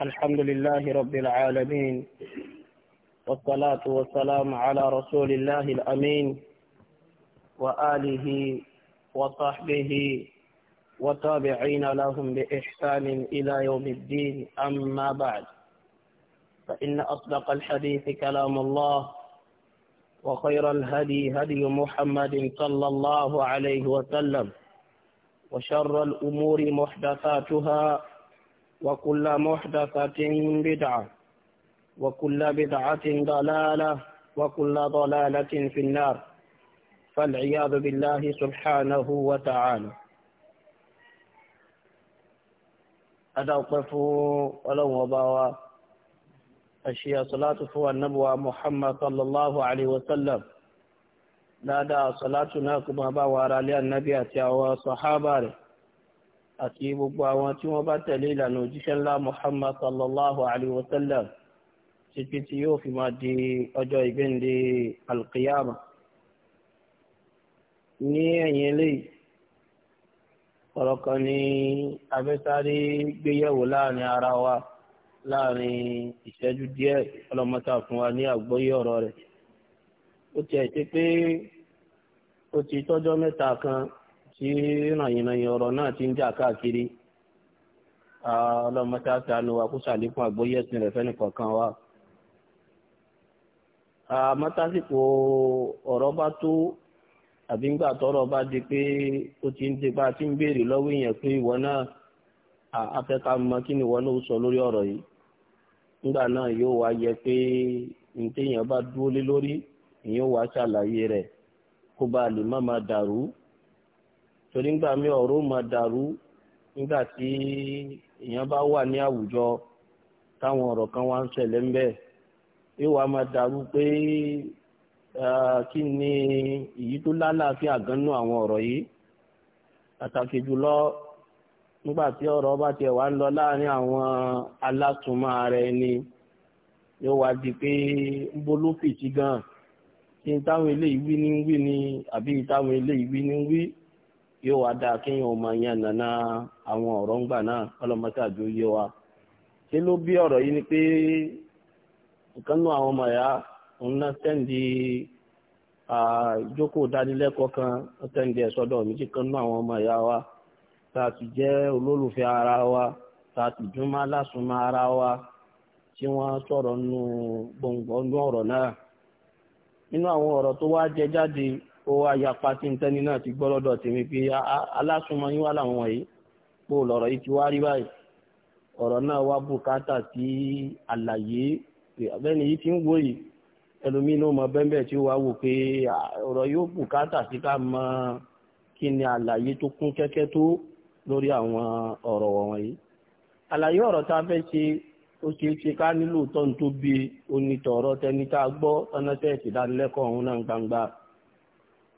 الحمد لله رب العالمين والصلاة والسلام على رسول الله الأمين وآله وصحبه وتابعين لهم بإحسان إلى يوم الدين أما بعد فإن أصدق الحديث كلام الله وخير الهدي هدي محمد صلى الله عليه وسلم وشر الأمور محدثاتها وكل محدثة بدعة وكل بدعة ضلالة وكل ضلالة في النار فالعياذ بالله سبحانه وتعالى أدوقفوا ولو وضعوا أشياء صلاة فوى النبوى محمد صلى الله عليه وسلم لا دا صلاتنا كما باوى على النبي أتيا وصحابه àti gbogbo àwọn tí wọ́n bá tẹ̀lé ìlànà òjíṣẹ́ ńlá Muhammad sallallahu alayhi wa sallam títí tí yóò fi máa di ọjọ́ ìgbéǹde alqiyama ní ẹ̀yìn eléyìí ọ̀rọ̀ kan ní abẹ́sáré gbéyẹ̀wò láàrin ara wa láàrin ìṣẹ́jú díẹ̀ ọlọ́mọta fún wa ní àgbọ́yé ọ̀rọ̀ rẹ̀ ó tiẹ̀ ṣe pé ó ti tọ́jọ́ mẹ́ta kan tí ràyìnràyìn ọ̀rọ̀ náà ti ń jà káàkiri ọlọ́mọta sànù wa kó sàlékún àgbóyè ẹ̀sìn rẹ̀ fẹ́ni kọ̀ọ̀kan wa. àmọ́tásìkò ọ̀rọ̀ bá tó àbí ńgbà tọ́rọ̀ bá di pé ó ti ń dipa tí ń béèrè lọ́wọ́ èèyàn pé ìwọ náà afẹ́ká mọ kí ni ìwọ náà sọ lórí ọ̀rọ̀ yìí ńgbà náà yóò wá yẹ pé ntéèyàn bá dúró lé lórí ìyẹn wàá ṣàlàyé rẹ̀ kó bá lè má máa dàrú torí ńgbà mí ọ̀rọ̀ máa dàrú nígbà tí èèyàn bá wà ní àwùjọ táwọn ọ̀rọ̀ kan wá ń ṣẹlẹ̀ ń bẹ̀ yóò wá máa dàrú pé kí ni èyí tó lálàáfíà gánú àwọn ọ̀rọ̀ yìí pàtàkì jùlọ nígbà tí ọ̀rọ̀ bá tiẹ̀ wá ń lọ láàrin àwọn alátùmọ̀ ara ẹni yóò wá di pé ń bolú fìtí gan-an kí n táwọn eléyìí wí ní wí ni àbí táwọn eléyìí wí ní wí. yóò wá dáa kéèyàn ọmọ yẹn àwọn ọ̀rọ̀ ń gbà náà ọlọ́mọṣáájú yé wa ṣé ló bí ọ̀rọ̀ yìí ni pé nǹkan àwọn ọmọ ẹ̀yà òun náà sẹ́ǹdì ìjókòó dánilẹ́kọ̀ọ́ kan sẹ́ǹdì ẹ̀ méjì kan ọmọ ẹ̀yà wa tá a jẹ́ olólùfẹ́ ara wa tá a sì ara wa tí wọ́n sọ̀rọ̀ nù gbọ̀ngbọ̀n ó wá yapa tí ń tẹ́ni náà ti gbọ́ lọ́dọ̀ tèmi pé alásùnmọ́ yín wá làwọn wọ̀nyí pé lọ̀rọ̀ yìí ti wá rí báyìí ọ̀rọ̀ náà wá bùkátà sí àlàyé bẹ́ẹ̀ni yìí ti ń wò yìí ẹlòmíín náà mọ bẹ́ẹ̀ tí ó wá wò pé ọ̀rọ̀ yóò bùkátà sí ká mọ kí ni àlàyé tó kún kẹ́kẹ́ tó lórí àwọn ọ̀rọ̀ wọ̀nyí àlàyé ọ̀rọ̀ tá a fẹ́ ṣe ó ṣe ṣe ká nílò tọ́ni onítọ̀ọ̀rọ̀ tẹni tá a gbọ́ tọ́nà tẹ́ẹ̀sì dánilẹ́kọ̀ọ́ ọ̀hún náà gbangba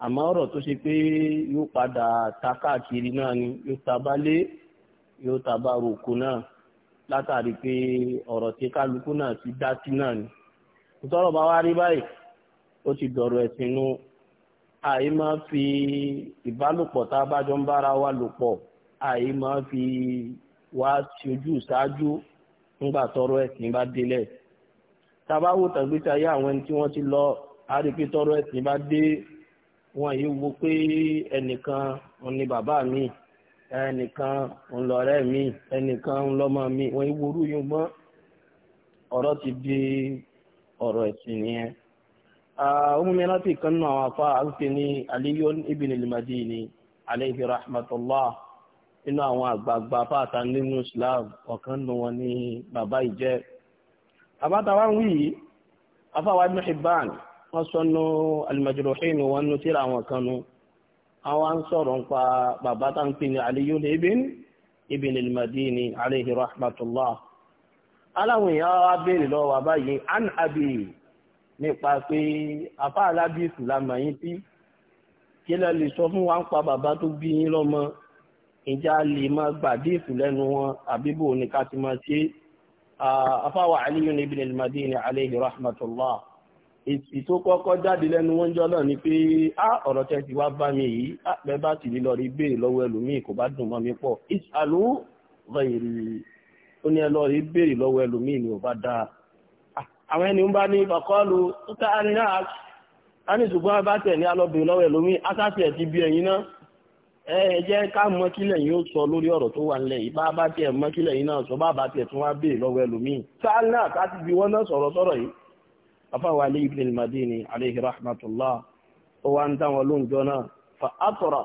àmọ́ ọ̀rọ̀ tó ṣe pé yóò padà ta káàkiri náà ni yóò ta bá lé yóò ta bá roko náà látàrí pé ọ̀rọ̀ tí kálukú náà ti dá sí náà ni ìtọ́rọ̀ bá wá rí báyìí ó ti dọ̀rọ̀ ẹ̀sìn nu àyè máa fi ìbálòpọ̀ tá a bá jọ ń bára wa lò pọ̀ àyè máa fi wá ṣojú ṣáájú ńgbà tọ́rọ̀ ẹ̀sìn bá délẹ̀ tá a bá wò tàgbétayé àwọn ẹni tí wọ́n ti lọ àrípé tọ́rọ̀ ẹ̀sìn bá dé wọn yìí wo pé ẹnìkan òun ni bàbá mi ẹnìkan òun lọ̀rẹ́ mi ẹnìkan òun lọ́mọ mi wọn yìí worú yìí mọ́ ọ̀rọ̀ ti di ọ̀rọ̀ ẹ̀sìn nìyẹn. ọmọ láti kan nù àwọn afá àti ní Aliyun ibn al-Madini alayhi rahmatullah nínú àwọn àgbààgbà fáta nínú Islam ọ̀kan nù wọn ní bàbá ìjẹ́. àbátáwá ń wí yìí afáwá ibn Hibban wọ́n sọnù al-majruhin wọn nu tíra àwọn kan nu àwọn ń sọ̀rọ̀ ń pa bàbá tá ń pè ní Aliyu ibn ibn al-Madini alayhi rahmatullah aláwọn èèyàn wa béèrè lọ́wọ́ wa báyìí an abi nípa pé afá alábìsù la mọ̀ yín sí kí lẹ́ lè sọ fún wa ń pa bàbá tó bí yín lọ́mọ ìjà lè máa gbàdéèfù lẹ́nu wọn àbíbò ní ká ti máa ṣe afáwà Aliyu ibn al-Madini alayhi rahmatullah ètò kọ́kọ́ jáde lẹ́nu wọn jọ náà ni pé á ọ̀rọ̀ tẹ́ ti wá bá mi yìí á bẹ́ bá sì ní lọ rí béèrè lọ́wọ́ ẹlòmíì kò bá dùn mọ́ mi pọ̀ ìsàlù rẹ̀rì ó ní ẹ lọ rí béèrè lọ́wọ́ ẹlòmíì ni ò bá dáa. àwọn ẹni ń bá ní bàkọ́lù tó tá a ní náà a ní ṣùgbọ́n bá tẹ̀ ní alọ́bìnrin lọ́wọ́ ẹlòmíì asáfì ẹ̀ ti bí ẹ̀yin náà ẹ jẹ́ ká mọ kílẹ̀ yín ó sọ lórí ọ̀rọ̀ tó wà nílẹ̀ yìí bá bá tiẹ̀ mọ kílẹ̀ yín náà sọ bá bá tiẹ̀ tún wá béèrè lọ́wọ́ ẹlòmíì. sáà náà ká ti fi wọ́n náà sọ̀rọ̀ sọ̀rọ̀ yìí afáwà Ali ibn al-Madini alayhi rahmatullah ó wá ń dá wọn lóhùn jọ náà fa atọ́ra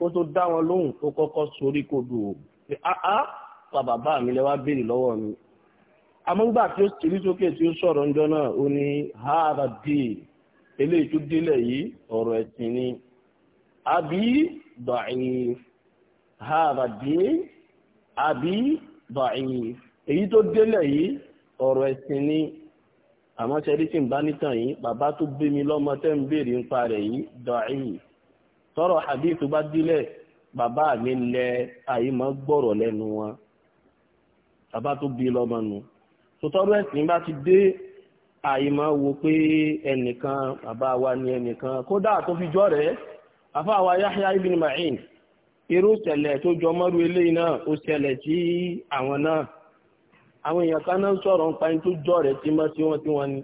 ó tó dá wọn lóhùn ó kọ́kọ́ sórí kodò pé áá ah, ah, pa bàbá mi lẹ́wà béèrè lọ́wọ́ mi amúgbà tí ó tìrí sókè tí ó sọ̀rọ̀ ńjọ náà ó ní hàrà dìí eléyìí tó délẹ̀ yìí ọ̀rọ̀ ẹ̀sìn ni àbí da'if hàrà dìí àbí da'if èyí tó délẹ̀ yìí ọ̀rọ̀ ẹ̀sìn ni àmọ́ ṣẹ́rí tí ń bá nítàn yìí bàbá tó bí mi lọ́mọ tẹ́ ń béèrè ń pa rẹ̀ yìí dọ̀ọ́yìn tọrọ hadith bá dílẹ̀ bàbá mi lẹ àyímọ́ gbọ́rọ̀ lẹ́nu wọn bàbá tó bí lọ́mọ nu sọtọ́rọ́ ẹ̀sìn bá ti dé àyímọ́ wo pé ẹnìkan bàbá wa ni ẹnìkan kódà tó fi jọ́ rẹ̀ afa wa Yahya ibn Ma'in irú ṣẹlẹ̀ tó jọmọ́rú eléyìí náà ó ṣẹlẹ̀ sí àwọn náà àwọn èèyàn kan náà ń sọ̀rọ̀ ẹni tó jọ rẹ̀ tímọ́ tí wọ́n tí wọ́n ní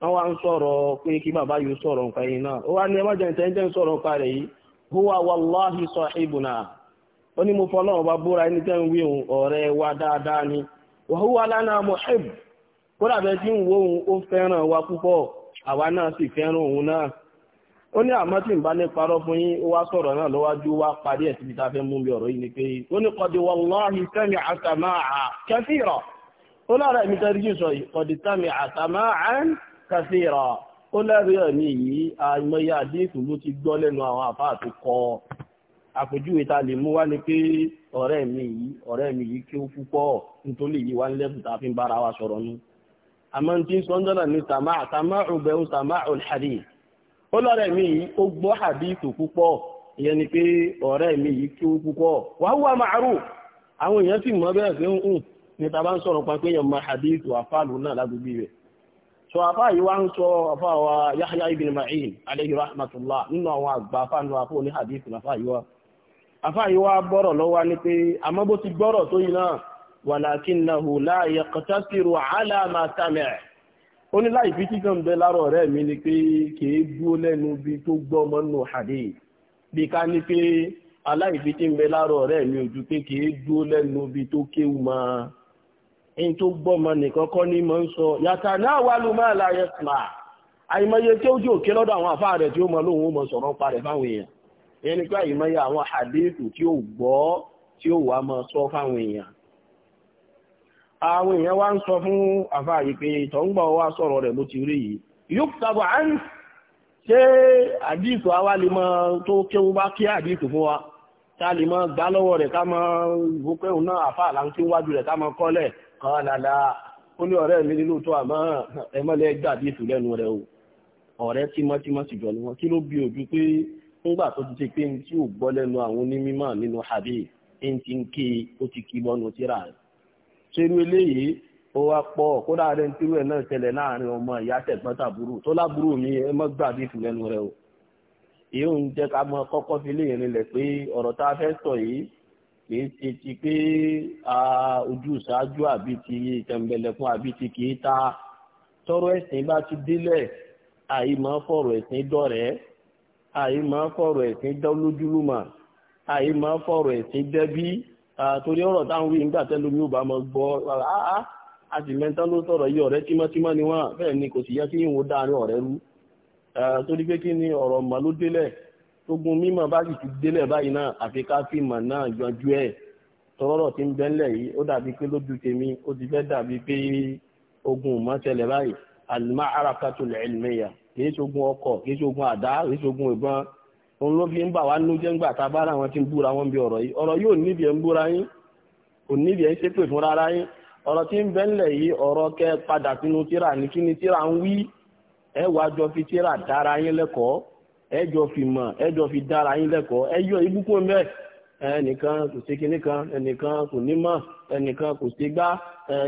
wọ́n wá ń sọ̀rọ̀ pé kí bàbá yóò sọ̀rọ̀ nípa ẹni náà ó wá ní huwa wallahi sahibuna ó ní mo búra ẹni tẹ́ ń wa dáadáa ni wa huwa lana muhib kódà bẹ́ẹ̀ tí ń wo òun ó fẹ́ràn wa púpọ̀ àwa náà sì fẹ́ràn òun náà ó ní àmọ́ tí bá ní parọ́ fún yín ó wá sọ̀rọ̀ náà lọ́wájú wá parí ẹ̀ síbi tá a fẹ́ mú mi ni pé ó ó lára èmi tẹ́rí jù sọ ìkọ̀dìtàmì àtàmáàn kàfíìrà ó lẹ́rìí ẹ̀ ní yìí àìmọye àdínkù ló ti gbọ́ lẹ́nu àwọn àfáà tó kọ àpèjúwe ta lè mú wá ni pé ọ̀rẹ́ mi yìí ọ̀rẹ́ mi yìí kí ó púpọ̀ nítorí yìí wá lẹ́bùn tá a fi ń bára wa sọ̀rọ̀ nu àmọ́ ní tí ń sọ́njọ́ náà ní tàmá àtàmá òbẹ̀wò tàmá òlhàdì ó lọ́rẹ́ mi yìí ó gbọ́ àdínkù púpọ̀ ìyẹn ni pé ọ̀rẹ́ mi yìí kí ó púpọ̀ wàá wà màárù àwọn èèyàn sì mọ bẹ́ẹ̀ pé ń ní tàbá ń sọ̀rọ̀ pàpé yẹn ma hadith wà fáàlù náà lágbègbè rẹ̀ so afá yìí wá ń sọ afá wa Yahya ibn Ma'in alayhi rahmatullah nínú àwọn àgbà afá nínú afó ní hadith afá yìí wá afá yìí wá gbọ́rọ̀ lọ́wọ́ ni pé àmọ́ bó ti gbọ́rọ̀ tó yìí náà walakinnahu la yaqtasiru ala ma sami'a ó ní láì fi kíkọ́ ń bẹ lárọ̀ ọ̀rẹ́ mi ni pé kìí dúó lẹ́nu bí tó gbọ́ ọmọ nù hadith ń bẹ lárọ̀ ọ̀rẹ́ mi ò ju pé kìí dúó lẹ́nu bí tó kéwu máa ẹni tó gbọ́mọ nìkan kọ́ ní mọ́ ń sọ yàtà náà wà ló máa láyé sùnà àìmọye tí ó jẹ́ òkè lọ́dọ̀ àwọn àfáà rẹ̀ tí ó mọ lóun ó mọ sọ̀rọ̀ pa rẹ̀ fáwọn èèyàn ẹni pé àìmọye àwọn àdéhùn tí ó gbọ́ tí ó wà mọ sọ fáwọn èèyàn àwọn èèyàn wá ń sọ fún àfáà yìí pé ìtọ̀ ń gbọ́ wá sọ̀rọ̀ rẹ̀ bó ti rí yìí yóò tàbí à ń ṣe àdìsù àwa lè mọ tó kéwu bá kí àdìsù fún wa ta lè mọ gbá lọ́wọ́ rẹ̀ ká mọ ìwúkẹ́ kọ́lálá ó ní ọ̀rẹ́ mi nínú tó àmọ́ ẹmọ́lẹ́ gbàdí ìfù lẹ́nu rẹ̀ o ọ̀rẹ́ tímọ́tímọ́ sì jọ ni wọn kí ló bí ojú pé ńgbà tó ti ṣe pé tí ò gbọ́ lẹ́nu àwọn onímọ̀ nínú àbí ń ti ń ké ó ti kí bọ́nu síra rẹ̀ ṣerú eléyìí ó wá pọ̀ kódà rẹ̀ ń tirú ẹ̀ náà ṣẹlẹ̀ láàrin ọmọ ìyá tẹ̀gbọ́n tàbúrò tó lábúrò mi ẹ gbàdí ìfù lẹ́nu rẹ̀ o èyí kì í ṣe ti pé ojú ṣáájú àbí ti tẹ̀m̀bẹ̀lẹ̀kún àbí ti kì í ta tọrọ ẹ̀sìn bá ti délẹ̀ àyè máa fọ̀rọ̀ ẹ̀sìn dọ̀rẹ́ àyè máa fọ̀rọ̀ ẹ̀sìn dọ́lójúlùmọ̀ àyè máa fọ̀rọ̀ ẹ̀sìn dẹ́bí torí ọ̀rọ̀ táwọn wí nígbà tẹ́lu mi ò bá mọ gbọ́ a sì mẹ́ta ló sọ̀rọ̀ yìí ọ̀rẹ́ tímọ́tímọ́ ni wọ́n bẹ́ẹ̀ ni kò sì yẹ kí ìwọ̀n dáa ní ọ̀rẹ́ rú torí pé kí ni ọ̀rọ̀ màlúdélẹ̀ tógun mímọ̀ bá sì ti délẹ̀ báyìí náà àfi ká fìmọ̀ náà yanjú ẹ̀ tọrọrọ tí ń bẹ́ńlẹ̀ yìí ó dàbí pé lójú tèmi ó ti fẹ́ dàbí pé ogun mọ́ṣẹlẹ̀ báyìí àlùmá arakatu lẹ́ẹ̀lmẹ́yà kìí ṣogun ọkọ̀ kìí ṣogun àdá kìí ṣogun ìbọn òun ló fi ń bà wá nú jẹ́ ńgbà tá a bá ráwọn tí ń búra wọn bí ọ̀rọ̀ yìí ọ̀rọ̀ yóò níbi ẹ̀ ń búra yín kò níbi ẹ̀ ń ṣépè fún rárá yín ọ̀rọ̀ tí ń bẹ́ńlẹ̀ yìí ọ̀rọ̀ kẹ padà sínú tíra ní kí ni tíra ń wí ẹ wàá jọ fi tíra dára yín lẹ́kọ̀ọ́ ẹjọ́ fi mọ̀ ẹjọ́ fi dára yín lẹ́kọ̀ọ́ ẹyọ ibùkún mẹ́ ẹnìkan kò ṣe kinní kan ẹnìkan kò ní mọ̀ ẹnìkan kò ṣe gbá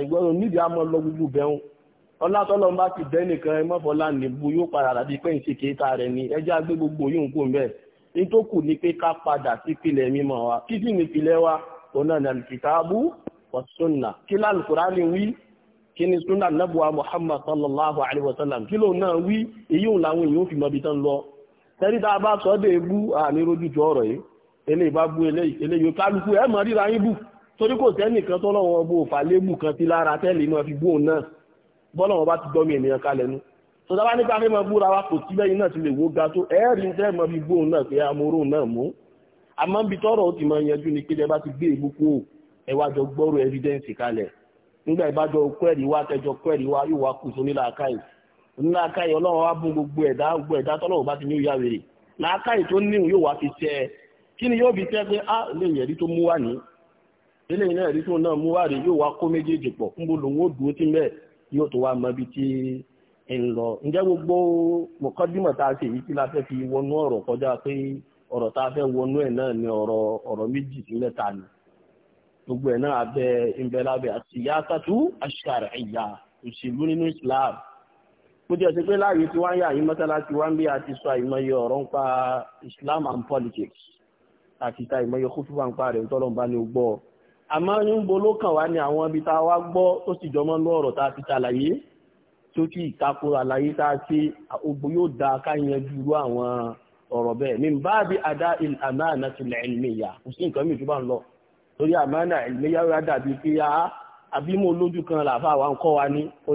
ẹgbọ́n nídìí àmọ́ lọ gbogbo bẹ́hùn ọlátọ́lọ́ bá ti bẹ́ nìkan ẹ mọ́fọlá nìbu yóò padà dàbí pé ń ṣe kéta rẹ̀ ni ẹjọ́ agbé gbogbo yóò kó mẹ́ ní tó kù ni pé ká padà sí pilẹ̀ mímọ́ wa kí sì ní pilẹ̀ wa òun kí ni súnà nàbùwà Muhammad sallallahu alayhi wa sallam kí lóun náà wí èyí òun làwọn èèyàn fi mọ ibi tán lọ tẹ́rí tá a bá sọ dé bú àníròjútu ọ̀rọ̀ yìí eléyìí bá bú eléyìí kálukú ẹ̀ mọ̀ ríra yín bù torí kò sẹ́nìkan tọ́lọ́wọ́n bó fà lébù kan sí lára tẹ́lẹ̀ náà fi gbóhùn náà bọ́lọ́wọ́n bá ti dọ́mi ènìyàn kalẹ̀ nu tọ́jà bá ní ká fẹ́ mọ búra wa kò sí bẹ́yìn náà ti lè wó ga tó ẹ̀ẹ́rì ń tẹ́ mọ fi gbóhùn náà pé amóró náà mú àmọ́ bí tọ́rọ̀ ó ti mọ yanjú ni kéde bá ti gbé ìbú kú gbọ́rọ̀ evidence kalẹ̀ nígbà ìbájọ kẹ́rì wá kẹjọ kẹ́rì wá yóò wá kù sónílà káyìí ya ọlọ́run wá bún gbogbo ẹ̀dá gbogbo ẹ̀dá tọ́lọ́run bá ti ní ìyá wèrè láàkàyè tó níhùn yóò wá fi tẹ́ ẹ kí ni yóò fi tẹ́ pé á ah, lè yẹ̀rí tó mú wá ní ilé iná ẹ̀rí tó náà mú wá rí yóò wá kó méjèèjì pọ̀ lòun ó dúró tí gbogbo tá a ṣe yìí kí la fi wọnú ọ̀rọ̀ kọjá pé ọ̀rọ̀ tá a fẹ́ wọnú ẹ̀ náà ni gbogbo ẹ̀ náà abẹ́ ìbẹ̀lábẹ́ àti ìyá òṣèlú nínú Islam bó jẹ́ ṣe pé láàyè tí wọ́n ń yà yí mọ́sálásí wọ́n ń bí àti sọ àìmọye ọ̀rọ̀ ń pa Islam and politics àti ta ìmọye kútúbà ń pa rẹ̀ tọ́lọ̀ ń bá ní gbọ́ àmọ́ ní ń bolo kàn wá ní àwọn ibi tá a wá gbọ́ tó sì jọmọ́ ní ọ̀rọ̀ tá a ti ṣàlàyé tó ti ìtakò àlàyé tá a ṣe ogbó yóò da ká yanjú irú àwọn ọ̀rọ̀ bẹ́ẹ̀ ní bá bí adá àmàna ti lẹ̀ kan làfà wa ń kọ́ wa ní o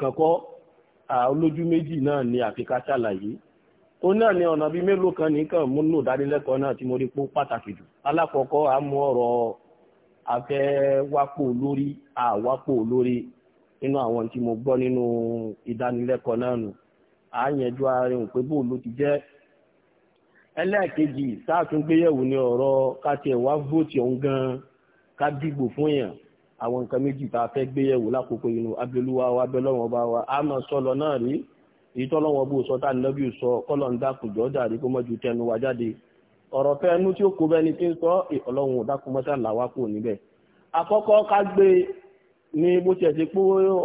kan kọ́ olójú méjì náà ni àfikà ṣàlàyé ó náà ni ọ̀nà bíi mélòó kan nìkan mú lò dánilẹ́kọ̀ọ́ náà tí mo rí pó pàtàkì jù alákọ̀ọ́kọ́ a mú ọ̀rọ̀ afẹ́wápò lórí àwápò lórí nínú àwọn tí mo gbọ́ nínú ìdánilẹ́kọ̀ọ́ náà nù yẹjú ti jẹ́ ẹlẹ́ẹ̀kejì ni ọ̀rọ̀ ká tiẹ̀ wá vóòtì ọ̀hún gan-an ká dìgbò fún àwọn nǹkan méjì tá a fẹ́ gbé yẹ̀wò lákòókò inú abẹ́lúwa wa abẹ́lọ́wọ́n bá wa a máa sọ lọ náà rí èyí tọ́lọ́wọ́n bó sọ táà nínábì sọ kọ́lọ̀ ń dákùjọ́ dàrí kó mọ́jú tẹnu wa jáde ọ̀rọ̀ fẹ́ ẹnu tí ó kó bẹ́ni tí ń sọ ọlọ́run ò dákun làwa kò níbẹ̀ àkọ́kọ́ ká gbé ni bó tiẹ̀ ti pé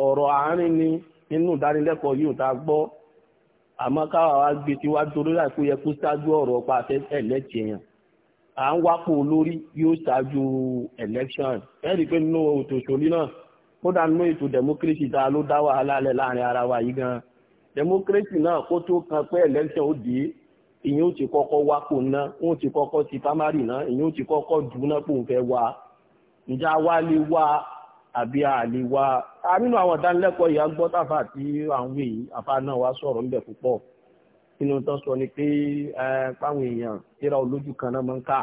ọ̀rọ̀ àárín ni nínú ìdánilẹ́kọ̀ọ́ yóò ta gbọ́ àmọ́ káwa wa gbé tiwájú olóyà kó yẹ à ń wápò olórí yóò ṣáájú election ẹ rí i pé nínú ètò òṣèlú náà kódà nínú ètò democracy tá a ló dá wàhálà lẹ láàrin ara wa yìí gan democracy náà kó tó kan pé election ó dé ìyẹn ó ti kọ́kọ́ wápò ná ó ti kọ́kọ́ ti primary ná ìyẹn ó ti kọ́kọ́ dùn náà pò ń fẹ́ wá ǹjẹ́ àwa lè wá àbí àlè wa nínú àwọn ìdánilẹ́kọ̀ọ́ yìí a gbọ́ tàfà tí à ń wí àfa náà wá sọ̀rọ̀ ńbẹ̀ púpọ̀ nínú tó sọ ni pé páwọn èèyàn tíra olójú kan náà máa ń kà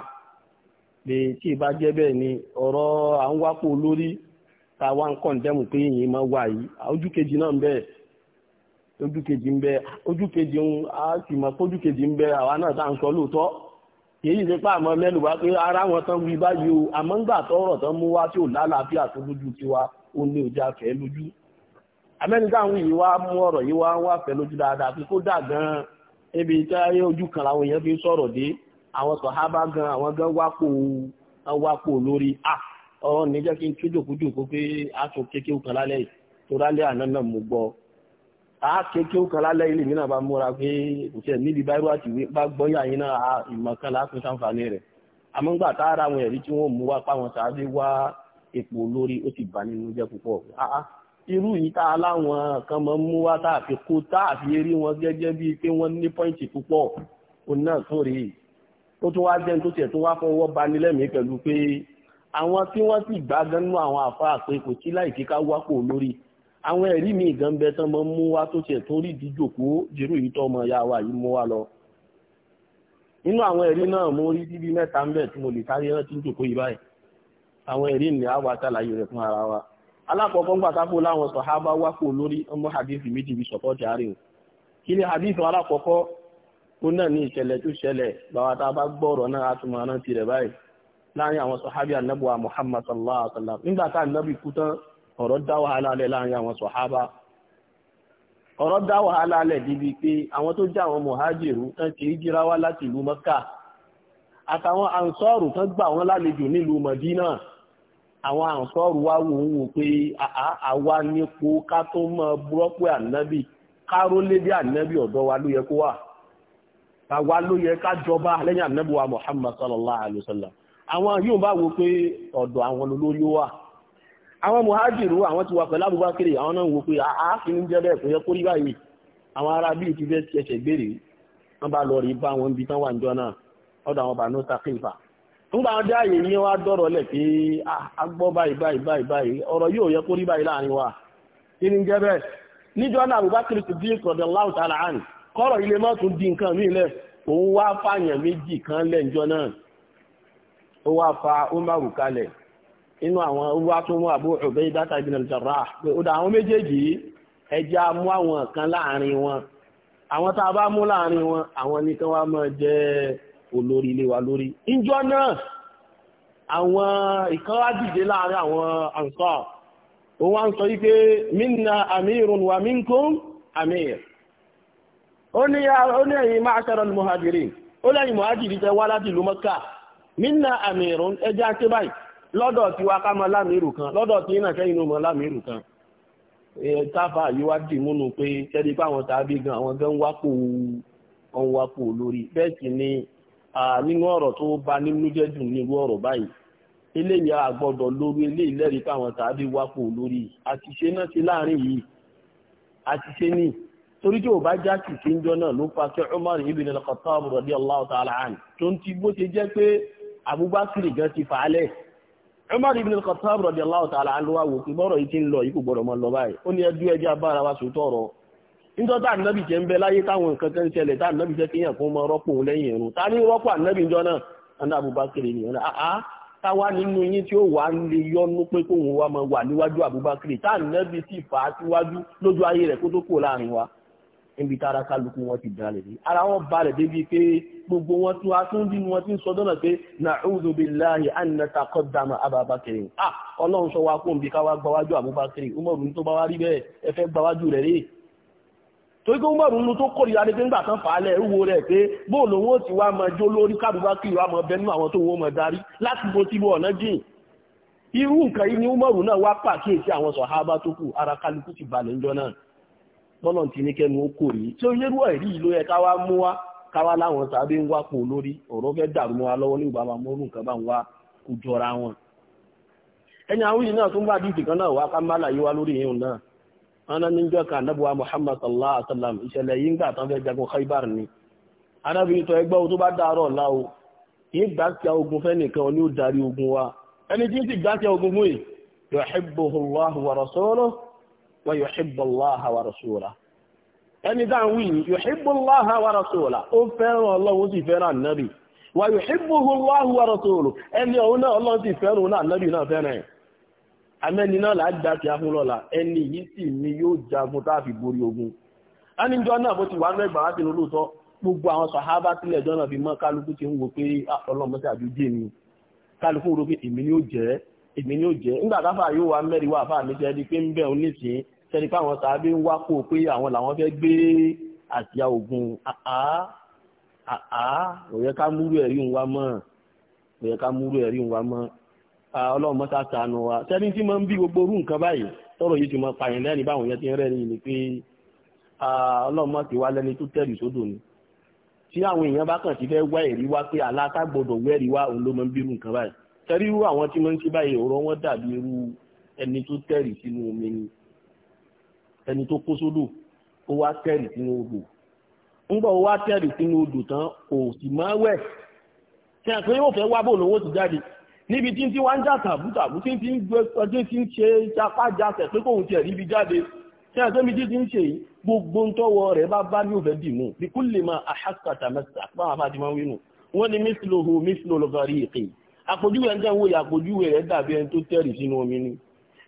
pé tí ì bá jẹ́ bẹ́ẹ̀ ni ọ̀rọ̀ à ń wápò lórí ta wá ń kọ̀ǹdẹ́mù pé èèyàn máa wà yìí ojú kejì náà ń bẹ ojú kejì ń bẹ ojú kejì ń a sì mọ̀ pé ojú kejì ń bẹ àwa náà tá à ń sọ lóòótọ́ èyí ṣe pé àmọ́ mẹ́nu wá pé ara wọn tán wí báyìí o àmọ́ ńgbà tọ́rọ̀ tán mú wá tí ò lálàáfíà tó lójú tiwa ó ní ọjà fẹ́ lójú amẹ́ni táwọn yìí wá mú ọ̀rọ̀ yìí wá wá fẹ́ lójú dáadáa pé kó dà gan-an ibi tí ayé ojú kan làwọn èèyàn fi ń sọ̀rọ̀ dé àwọn sọ̀hábà gan àwọn gan wápò wápò lórí a ọ̀rọ̀ ní jẹ́ kí n tún jòkújò kó pé a tún kékeré kan lálẹ́ yìí tó lálẹ́ àná náà mo gbọ́ a kékeré kan lálẹ́ ilé mi náà bá múra pé kò sí ẹ̀ níbi báírò àti ìwé bá gbọ́yà yín náà a ìmọ̀ kan láàfin sáǹfààní rẹ̀ àmọ́ ńgbà tá ara àwọn ẹ̀rí tí wọ́n mú wá pàwọn sàádé irú ìta aláwọn kan mọ́ mú wá tààfi kó tààfi rí wọn gẹ́gẹ́ bí pé wọ́n ní pọ́ìntì púpọ̀ òun náà tó rí ó tún wá jẹ́ tó tiẹ̀ tó wá fọwọ́ banilẹ́mìí pẹ̀lú pé àwọn tí wọ́n sì gbá gánú àwọn àfáà pé kò sí láì kíká wákò lórí àwọn ẹ̀rí mi gan bẹ tán mọ́ mú wá tó tiẹ̀ tó rí ìdíjòkó jírú yìí tọ́ ọmọ ya wa yìí mú wá lọ nínú àwọn ẹ̀rí náà mo rí bíbí mẹ́ta ń bẹ tí mo lè sáré rántí ń jòkó yìí báyìí àwọn ẹ̀rí ni àwa ṣàlàyé rẹ̀ fún ara wa alákọ̀ọ́kọ́ ń pàtàkó láwọn sọ̀hábá wákò lórí ọmọ hadith méjì bí sọ̀kọ́ jàre o kí ni hadith alákọ̀ọ́kọ́ ó náà ní ìṣẹ̀lẹ̀ tó ṣẹlẹ̀ bàwátá bá gbọ́ọ̀rọ̀ náà àtúmọ̀ náà ti rẹ̀ báyìí láàrin àwọn sọ̀hábí anábùwà Muhammad sallallahu alaihi wasallam nígbà tá ànábì kú tán ọ̀rọ̀ dá wàhálà lẹ̀ láàrin àwọn sọ̀hábá ọ̀rọ̀ dá wàhálà lẹ̀ àwọn àǹsọ́ọ̀rù wá wò ó wò pé àwa nípo ká tó mọ búrọ́pù ànábì káró lédè ànábì ọ̀dọ́ wa ló yẹ kó wà àwa ló yẹ ká jọba lẹ́yìn ànábì wa Muhammad sallallahu wa àwọn yóò bá wò pé ọ̀dọ̀ àwọn olórí wà àwọn muhajiru àwọn ti wà pẹ̀lú Abubakar àwọn náà wò pé jẹ́ bẹ́ẹ̀ yẹ ńgbà wọn dá àyè yẹn wá dọ̀rọ̀ lẹ̀ pé ah, a gbọ́ báyìí báyìí báyìí báyìí ọ̀rọ̀ yóò yẹ kó báyìí láàrin wa kí ni jẹ́ bẹ́ẹ̀ níjọ́ náà Abubakar Siddiq radiyallahu ta'ala anhu kọ́rọ̀ ilé mọ́ tún di nǹkan mí lẹ̀ òun wá fàyàn méjì kan lẹ́ǹjọ́ náà ó wá fa Umaru kalẹ̀ inú àwọn wá tún mú Abu Ubaidah ibn al-Jarrah pé ó dà àwọn méjèèjì ẹja mú àwọn kan láàrin wọn àwọn tá a bá mú láàrin wọn àwọn nìkan wá máa jẹ́ olórí ilé wa lórí ìjọ náà àwọn ìkan wá dìde láàrin àwọn àǹsọ́ òun wá ń sọ wípé minna amirun wa minkum amir ó ní ẹ̀yin ma'ashara al-muhajirin ó lẹ́yìn muhajiri tẹ wá láti ìlú Mọ́kà minna amirun ẹjẹ́ àti báyìí lọ́dọ̀ tí wá ká mọ lámìírù kan lọ́dọ̀ tí náà kẹ́yìn náà mọ lámìírù kan táfà yìí wá dì múnú pé nínú ọ̀rọ̀ tó bá nínú jẹ́jù nírú ọ̀rọ̀ báyìí eléyìí àgbọ́dọ̀ lórí eléyìí lẹ́rìí táwọn tàbí wápò lórí àtìṣe náà ti láàrin yìí àtìṣe ní torí tí ò bá já sì ṣe ń jọ náà ló pa kí Umar ibn al-Khattab radiyallahu ta'ala anhu tó ń ti bó ṣe jẹ́ pé Abubakar gan ti fà á lẹ̀ Umar ibn al-Khattab radiyallahu ta'ala anhu wá wò pé bọ́rọ̀ yìí ti ń lọ yìí kò gbọ́dọ̀ mọ́ lọ báyìí ó ní ẹdú ẹjẹ́ abára wa sòótọ́ ọ̀rọ̀ níjọ́ tá ànábì jẹ́ ń bẹ láyé táwọn nǹkan kan ṣẹlẹ̀ tá ànábì jẹ́ kéèyàn kó mọ rọ́pò òun lẹ́yìn ìrun ta ní rọ́pò ànábì jọ náà ọ̀nà Abubakar ni ọ̀nà àá táwa nínú yín tí ó wà ń lè yọnu pé kóun wa máa wà níwájú Abubakar tá ànábì sì fà á síwájú lójú ayé rẹ̀ kó tó kò láàrin wa níbi tára kálukú wọn ti dalẹ̀ ní ara wọn balẹ̀ débi pé gbogbo wọn tún atúndí wọn ti ń sọ dọ́nà pé na'udhu billahi an nataqaddama Abubakar ah ọlọ́run sọ wa kó n bí ká wá gbáwájú Abubakar Umaru tó bá wá rí bẹ́ẹ̀ ẹ fẹ́ gbáwájú rẹ̀ rèé torí pé Umaru tó kórìíra ni pé ńgbà kan fà á lẹ̀ rúwo rẹ̀ pé bóòlù wọn ti wá mọ jó lórí kábùbákì wá mọ bẹnu àwọn tó wọ́n mọ darí láti bo ti wọ́n ọ̀nà jìn irú nǹkan yìí ni Umaru náà wá pàkíyèsí àwọn sọ̀hábà tó kù ara kálukú ti balẹ̀ ńjọ náà lọ́nà tí ní kẹ́nu ó kò rí tí ó yẹ́rú ẹ̀rí ló yẹ ká mú wá ká láwọn tàbí ń wá pò lórí ọ̀rọ̀ fẹ́ dàrú mọ́ wa lọ́wọ́ nígbà máa mọ́rù nǹkan bá ń wá jọra wọn ẹni àwọn yìí náà tó bá dìtì ana níjọ́ kan anábùwà muhammad sallallahu alaihi wa sallam ìṣẹ̀lẹ̀ yìí ń gbà tán fẹ́ jagun khaybar ni arábìnrin tó ẹgbẹ́ tó bá dàárọ̀ ọ̀la o yìí gbàsíà ogun fẹ́ nìkan ni ó darí ogun wa ẹni tí ń sì gbàsíà ogun fún yìí yuhibbuhu Allahu wa rasuluhu wa yuhibbu Allaha wa rasuluhu ẹni dáa wí yuhibbu Allaha wa rasuluhu ó fẹ́ràn ọlọ́run sì fẹ́ràn ànábì wa yuhibbuhu Allahu wa rasuluhu ẹni ọ̀hún náà ọlọ́run sì fẹ́ràn ànábì náà fẹ́ràn ẹ̀ amẹ́ni náà là á gbà kí a fún lọ́la ẹni yìí sì ni yóò jagun tá a fi borí ogun ánìjọ náà bó ti wà mẹ́gbà wá sí lóòótọ́ gbogbo àwọn sàhábà sílẹ̀ ẹjọ́ náà fi mọ́ kálukú ti ń wo pé ah, ọlọ́mọsí àjòjì ni kálukú ń ro pé èmi ni ó jẹ́ èmi ni ó jẹ́ nígbà káfà yóò wá mẹ́rin wá àfà mi sẹ́ni pé ń bẹ̀ ń nísìn sẹ́ni pé àwọn sàábé ń wá kó pé àwọn làwọn fẹ́ gbé àsíá ogun àá àá ó ká múrú ẹ̀rí ń wá mọ́ Ah, ọlọ́run mọ́ta sànù wa sẹ́ni tí máa ń bí gbogbo orú nǹkan báyìí tọ́rọ̀ yìí ti máa pààyàn lẹ́ni báwọn yẹn ti rẹ́ ni ni pé ah, ọlọ́run mọ́ ti wá lẹ́ni tó tẹ̀lé sódò ni tí àwọn èèyàn bá kàn ti fẹ́ wá ẹ̀rí wá pé alátagbọ́dọ̀ wẹ́rí wá òun ló máa ń bí irú nǹkan báyìí sẹ́ni irú àwọn tí máa ń ṣe báyìí ọ̀rọ̀ wọn dàbí irú ẹni tó tẹ̀lé sínú omi ni ẹni tó kó sódò ó wá tẹ̀lé sínú odò ńgbọ́ ó wá tẹ̀lé sínú odò tán kò sì máa wẹ̀ tí àpé yóò fẹ́ wá bò lówó ti jáde níbi tí tí wọ́n ń jà tàbútàbú tí tí ń gbé ọdún tí ń ṣe jápájásẹ̀ pé kóhun tiẹ̀ níbi jáde tí a tóbi tí tí ń ṣe yìí gbogbo ń tọ́wọ́ rẹ̀ bá bá ní òfẹ́ dì mú bí kulli ma àṣàkàtà mẹ́ta bá wọn fàájì máa ń wínú wọ́n ní misluhu mislu al-ghariqi àpòjúwe ń tẹ́wọ́ yìí àpòjúwe rẹ̀ dàbí ẹni tó tẹ́rì sínú omi ni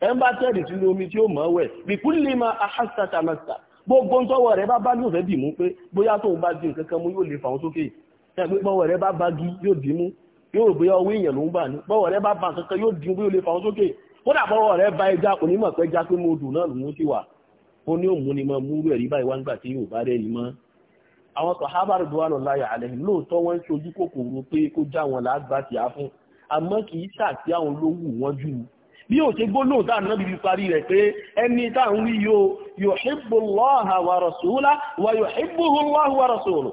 ẹ ń bá tẹ́rì sínú omi tí ó mọ̀ wẹ̀ bí kulli ma àṣàkàtà mẹ́ta gbogbo ń tọ́wọ́ rẹ̀ bá bá ní òfẹ́ dì mú pé bóyá tóun bá di nǹkan kan mú yóò lè fà wọn sókè yóò gbé ọwọ́ èèyàn ló ń gbà ní bọ́wọ́ rẹ bá ba kankan yóò dín bí ó lè fa ọ sókè kódà bọ́wọ́ rẹ bá ẹja kò ní mọ̀ pé já pé mo dùn náà lòún sì wà ó ní òun ni mo múrú ẹ̀rí báyìí wá nígbà tí yóò bá rẹ̀ ní mọ́. àwọn sọ̀hábàrù bí wà lọ láyà àlẹ́ lóòótọ́ wọ́n ń ṣojú kòkòrò pé kó já wọn lágbà a fún àmọ́ kì í ṣàtì àwọn olówó wọn jù bí ó ṣe gbólóhùn tá à ná bíbi parí rẹ̀ pé ẹni tá à ń wí yóò yuhibbullaha wa rasuluhu wa yuhibbuhullahu wa rasuluhu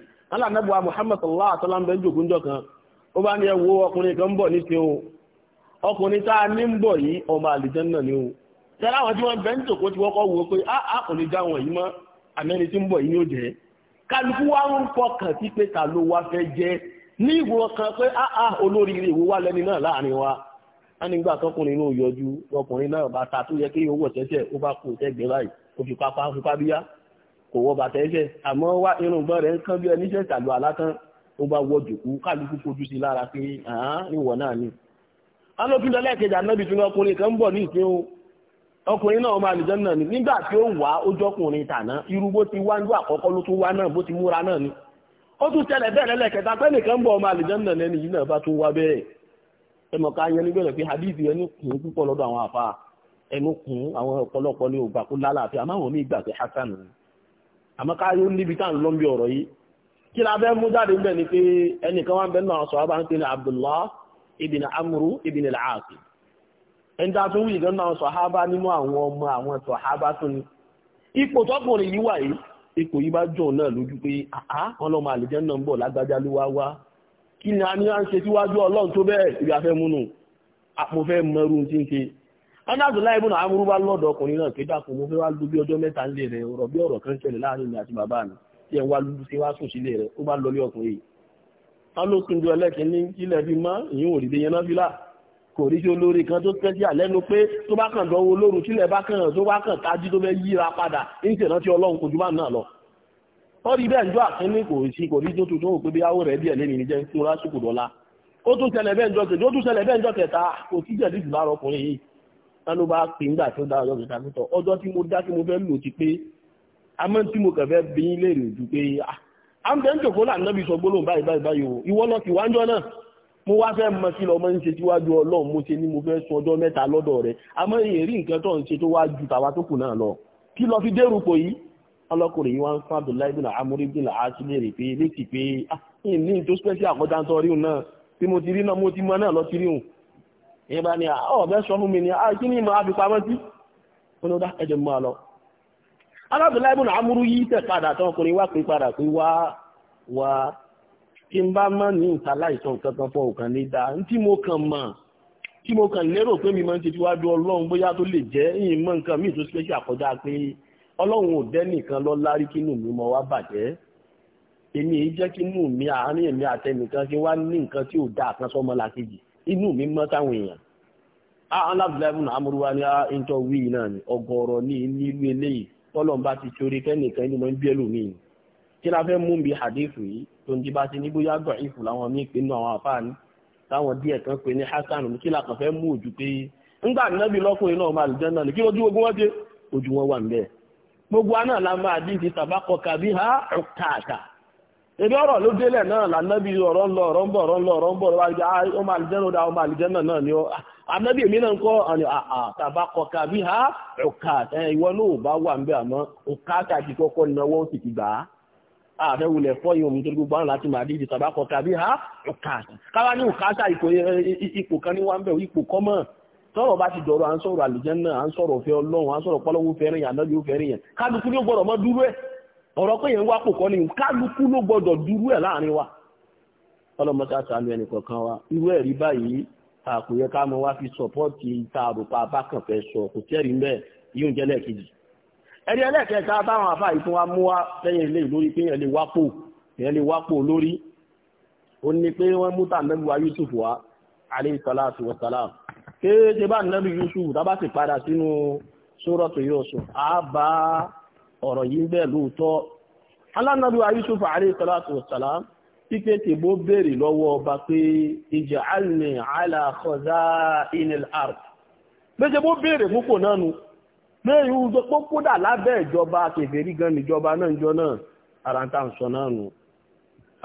alànàbùwà Muhammad sallallahu alaihi wasallam ń jòkúnjọ kan ó bá ní ẹ wo ọkùnrin kan ń bọ̀ níṣe o ọkùnrin tá a ní ń bọ̀ yìí ọmọ àlùjánnà ni o tẹ́lá àwọn tí wọ́n bẹ́ ń tòkó tí wọ́n wo pé á já wọn yìí mọ́ àmẹ́ni tí ń bọ̀ yìí ó jẹ́ kálukú wá ń fọkàn sí pé ta ló wá fẹ́ jẹ́ ní ìwọ kan pé áá olóríire ìwọ wá lẹ́ni náà láàrin wa á nígbà tọkùnrin náà yọjú ọkùnrin náà bàtà tó yẹ kí owó ṣẹ̀ṣẹ̀ ó bá kó tẹ́gbẹ́ báyìí ó fi pápá fi pábíyá kò wọ bàtà ẹsẹ̀ àmọ́ wá irùngbọ̀n rẹ̀ ń kán bí ẹni ṣe tàlù àlátán ó bá wọ jòkó kálukú fojú sí lára pé ìwọ náà ni. alópin lọ́lẹ́kẹjà anábì tún ọkùnrin kan ń bọ̀ ní ìsìn o ọkùnrin náà ọmọ àlùjọ náà ni nígbà tí ó wà ó jọkùnrin tàná irú bó ti wá nígbà àkọ́kọ́ ló tún wá náà bó ti múra náà ni ó tún tẹ́lẹ̀ bẹ́ẹ̀ lẹ́lẹ́kẹta pé nìkan ń bọ̀ ọmọ àlùjọ náà lẹ́ni yìí náà bá tún wá àmọ́ ká yóò níbi tá à ń lọ bí ọ̀rọ̀ yìí kí la fẹ́ mú jáde ń bẹ̀ ni pé ẹnìkan wá ń bẹ̀ náà sọ àbá ń pè Abdullah ibn amuru ibn al-As ẹni tá a tún wí ìgbẹ́ náà sọ àbá nínú àwọn ọmọ àwọn ẹ̀tọ́ àbá tó ni ipò tọkùnrin yìí wà yìí ipò yìí bá jọ̀ náà lójú pé àá ọlọ́mọ àlùjẹ́ náà ń bọ̀ lágbájá ló wá wá kí ni a ní à ń ṣe síwájú ọlọ́run tó bẹ́ẹ̀ ibi afẹ́ múnú àpò fẹ́ mọ́rú ti ń ṣe ọ́nàdùnlá ibùnà amúrú bá lọ́dọ̀ ọkùnrin náà pé dákun mo fẹ́ wá lú bí ọjọ́ mẹ́ta nílé rẹ̀ ọ̀rọ̀ bí ọ̀rọ̀ kan ṣẹlẹ̀ láàrin mi àti bàbá mi tí ẹ̀ ń wá lú sí wá sùn sílé rẹ̀ ó bá lọ lé ọkùnrin yìí wọ́n ló tún ju ẹlẹ́kìn ní ilẹ̀ fi mọ́ ìyún òrìdè yẹn náà fílà kò rí sí olórí kan tó tẹ́tí àlẹ́nu pé tó bá kàn dánwó lóru sílẹ̀ bá kàn tó bá kàn tají tó fẹ́ yíra padà ní ìṣèrántí ọlọ́run kò ju náà lọ ó bẹ́ẹ̀ ń jọ kò sí kò rí tó tuntun òpin bí rẹ̀ díẹ̀ lẹ́nu ìjẹun tó ń jọ kẹta ó tún ṣẹlẹ̀ bẹ́ẹ̀ ń kẹta kò sí jẹ̀dí jù lára ọkùnrin yìí tán ló bá pè ńgbà tó dá ọjọ́ kẹta lótọ́ ọjọ́ tí mo dá tí mo fẹ́ lò ti pé àmọ́ tí mo kàn fẹ́ bí yín léèrè ju pé ah, à ń bẹ́ ń jòkó là nábì sọ gbólóhùn báyìí báyìí báyìí o ìwọ lọ sí wájọ́ náà mo wá fẹ́ mọ sí lọ́mọ ń ṣe síwájú ọlọ́run mo ṣe ni mo fẹ́ sọ ọjọ́ mẹ́ta lọ́dọ̀ rẹ àmọ́ èrí nǹkan tó ń ṣe tó wá ju tàwa tó kù náà lọ kí lọ fi dérúpọ̀ yìí ọlọ́kùnrin yìí wá ń fún Abdullahi bin Amúrí bin Aasi pé létí pé ah ní tó special àkọ́jà ń tọ́ ríun náà bí mo ti rí náà mo ti mọ náà lọ ti ríun ìbá ni ah, ọ̀bẹ́ sọ fún mi ni a ah, kí ní ìmọ̀ àfipamọ́ sí wọn dá ẹjọ mọ́ lọ alábìlá ibùn àmúrú yìí tẹ̀ padà tán ọkùnrin wá pé padà pé wá wá kí n bá mọ́ ní ìta láìsàn kankan fọ òkan lè dá tí mo kàn mọ̀ tí mo kàn lérò pé mi máa ń ṣe tíwájú ọlọ́run bóyá tó lè jẹ́ ìyìn mọ́ nǹkan míì tó ṣe àkọjá pé ọlọ́run ò dẹ́ nìkan lọ lárí kínú mi mọ́ wá bàjẹ́ èmi jẹ́ kínú mi àárín èmi àtẹnìkan kí wá ní nǹkan tí ò dáa kan sọ́mọ́ làkejì inú mi mọ́ táwọn èèyàn alábùláìbùn amúrúwa ní àìntọ́ wí náà ni ọgọ́rọ̀ ní nílùú eléyìí tọ́lọ́mbà ti torí kẹ́nìkan inú mọ́ ń bí ẹlòmíì kí la fẹ́ mú bí hadithu yìí tó ń jí bá ti ní bóyá gbọ̀ ìfù láwọn míì pé nínú àwọn àfáà ní táwọn díẹ̀ kan pé ní hasan kí la kàn fẹ́ mú ojú pé ńgbà nábì lọ́kùnrin náà máa lùjẹ́ náà kí lójú ogun wọ́n dé ojú wọn wà ń gbogbo aná la máa dín ti sàbákọ̀ kàbí ha ọ̀tààtà ebi ọ̀rọ̀ ló délẹ̀ náà lànàbí ọ̀rọ̀ ń lọ ọ̀rọ̀ ń bọ̀ ọ̀rọ̀ ń lọ ọ̀rọ̀ ń bọ̀ ọ̀rọ̀ wájú ọmọ àlìjẹ́nà ọ̀dà náà ni ó ah, ànábì èmi náà ń kọ́ ọ̀nà àtàbà kọ̀ọ̀kà bí ha ọ̀kà ìwọ náà bá wà ń bẹ̀ àmọ́ ọ̀kà kàkì kọ́kọ́ náwó sì ti gbà á àfẹ́wulẹ̀ fọ́ ìhòmù tó gbogbo àwọn láti máa dídì tàbá kọ̀ọ̀kà bí ha ọ̀kà káwá ní ọ̀kà ipò kan ní wà ń bẹ̀ ipò kọ́mọ̀ tọ́rọ̀ bá ti dọ̀rọ̀ à ń sọ̀rọ̀ àlùjẹ́ náà à ń sọ̀rọ̀ fẹ́ ọlọ́run à ń sọ̀rọ̀ pọ́lọ́wọ́ fẹ́rẹ̀ yàn lọ́jọ́ kálukú ní gbọ́dọ̀ mọ́ dúró ẹ̀ ọ̀rọ̀ pé yẹn wá pò kọ́ ni kálukú ló gbọ́dọ̀ dúró ẹ̀ láàrin wa ọlọ́mọta sàánú ẹnì kọ̀ọ̀kan wa irú ẹ̀rí báyìí àkò yẹ ká mọ wá fi sọ̀pọ́ọ̀tì ta àròpá abákànfẹ́ sọ kò tẹ́rìí mbẹ́ yóò jẹ́ lẹ́ẹ̀kejì ẹ̀rí ẹlẹ́ẹ̀kẹta báwọn afá yìí fún wa mú wa lẹ́yìn ilé lórí pé yẹn lè wá pò yẹn lè wá pò lórí ó ní pé wọ́n mú tàǹdẹ́bù wa Yusuf wa alayhi salatu wa salam kéde bá nàbì Yusuf tábà sì padà sínú sórọ̀tò Yusuf ọ̀rọ̀ yìí bẹ́ẹ̀ lóòótọ́ alánàbí Yusuf alayhi salatu wassalam pípé tèbó béèrè lọ́wọ́ ọba pé ij'alni ala khaza'inil ard méje bó béèrè púpọ̀ náà nu lẹ́yìn oúnjẹ pọ́ kódà lábẹ́ ìjọba kèfèrí gan níjọba náà jọ náà ara ta ń sọ náà nù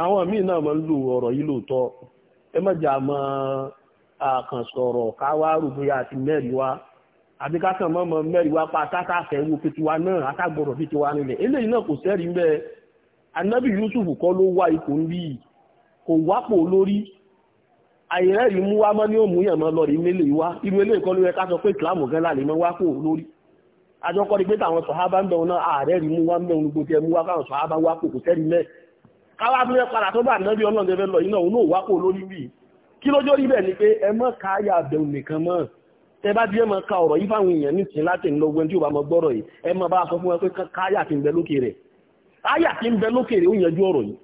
àwọn míì náà máa ń lo ọ̀rọ̀ yìí lóòótọ́ ẹ mọ̀jà mọ́ àkànṣọ̀rọ̀ káwá rògbòyà àti mẹ́rin wá àbí kákan mọ́mọ́ mẹ́rin wá pa kátàfẹ́ wo fitiwa náà àtàgbọ̀rọ̀ fitiwa nílẹ̀ eléyìí náà kò sẹ́rí mẹ́ anábì Yusuf kọ́ ló wá ipò níbí kò wápò lórí àìrẹ́rìí mú wá mọ́ ní òmù yàn mọ́ lọ́rí nílé wá irú eléyìí kọ́ ló yẹ ká sọ pé ìsìlámù gan lálẹ́ mọ́ wápò lórí àjọkọ́ ni pé táwọn sọ̀hábà ń bẹ̀rù náà ààrẹ rí mú wá ń bẹ̀rù gbogbo mú wá káwọn sọ̀hábà wápò kò tẹ bá bí ẹ máa ka ọ̀rọ̀ yìí fáwọn èèyàn ní tìǹ láti ń lọ́gbọ́n tí ó bá mọ gbọ́rọ̀ yìí ẹ máa bá sọ fún wọn pé káyà ti ń bẹ lókè rẹ̀ káyà ti ń bẹ lókè rẹ̀ ó yanjú ọ̀rọ̀ yìí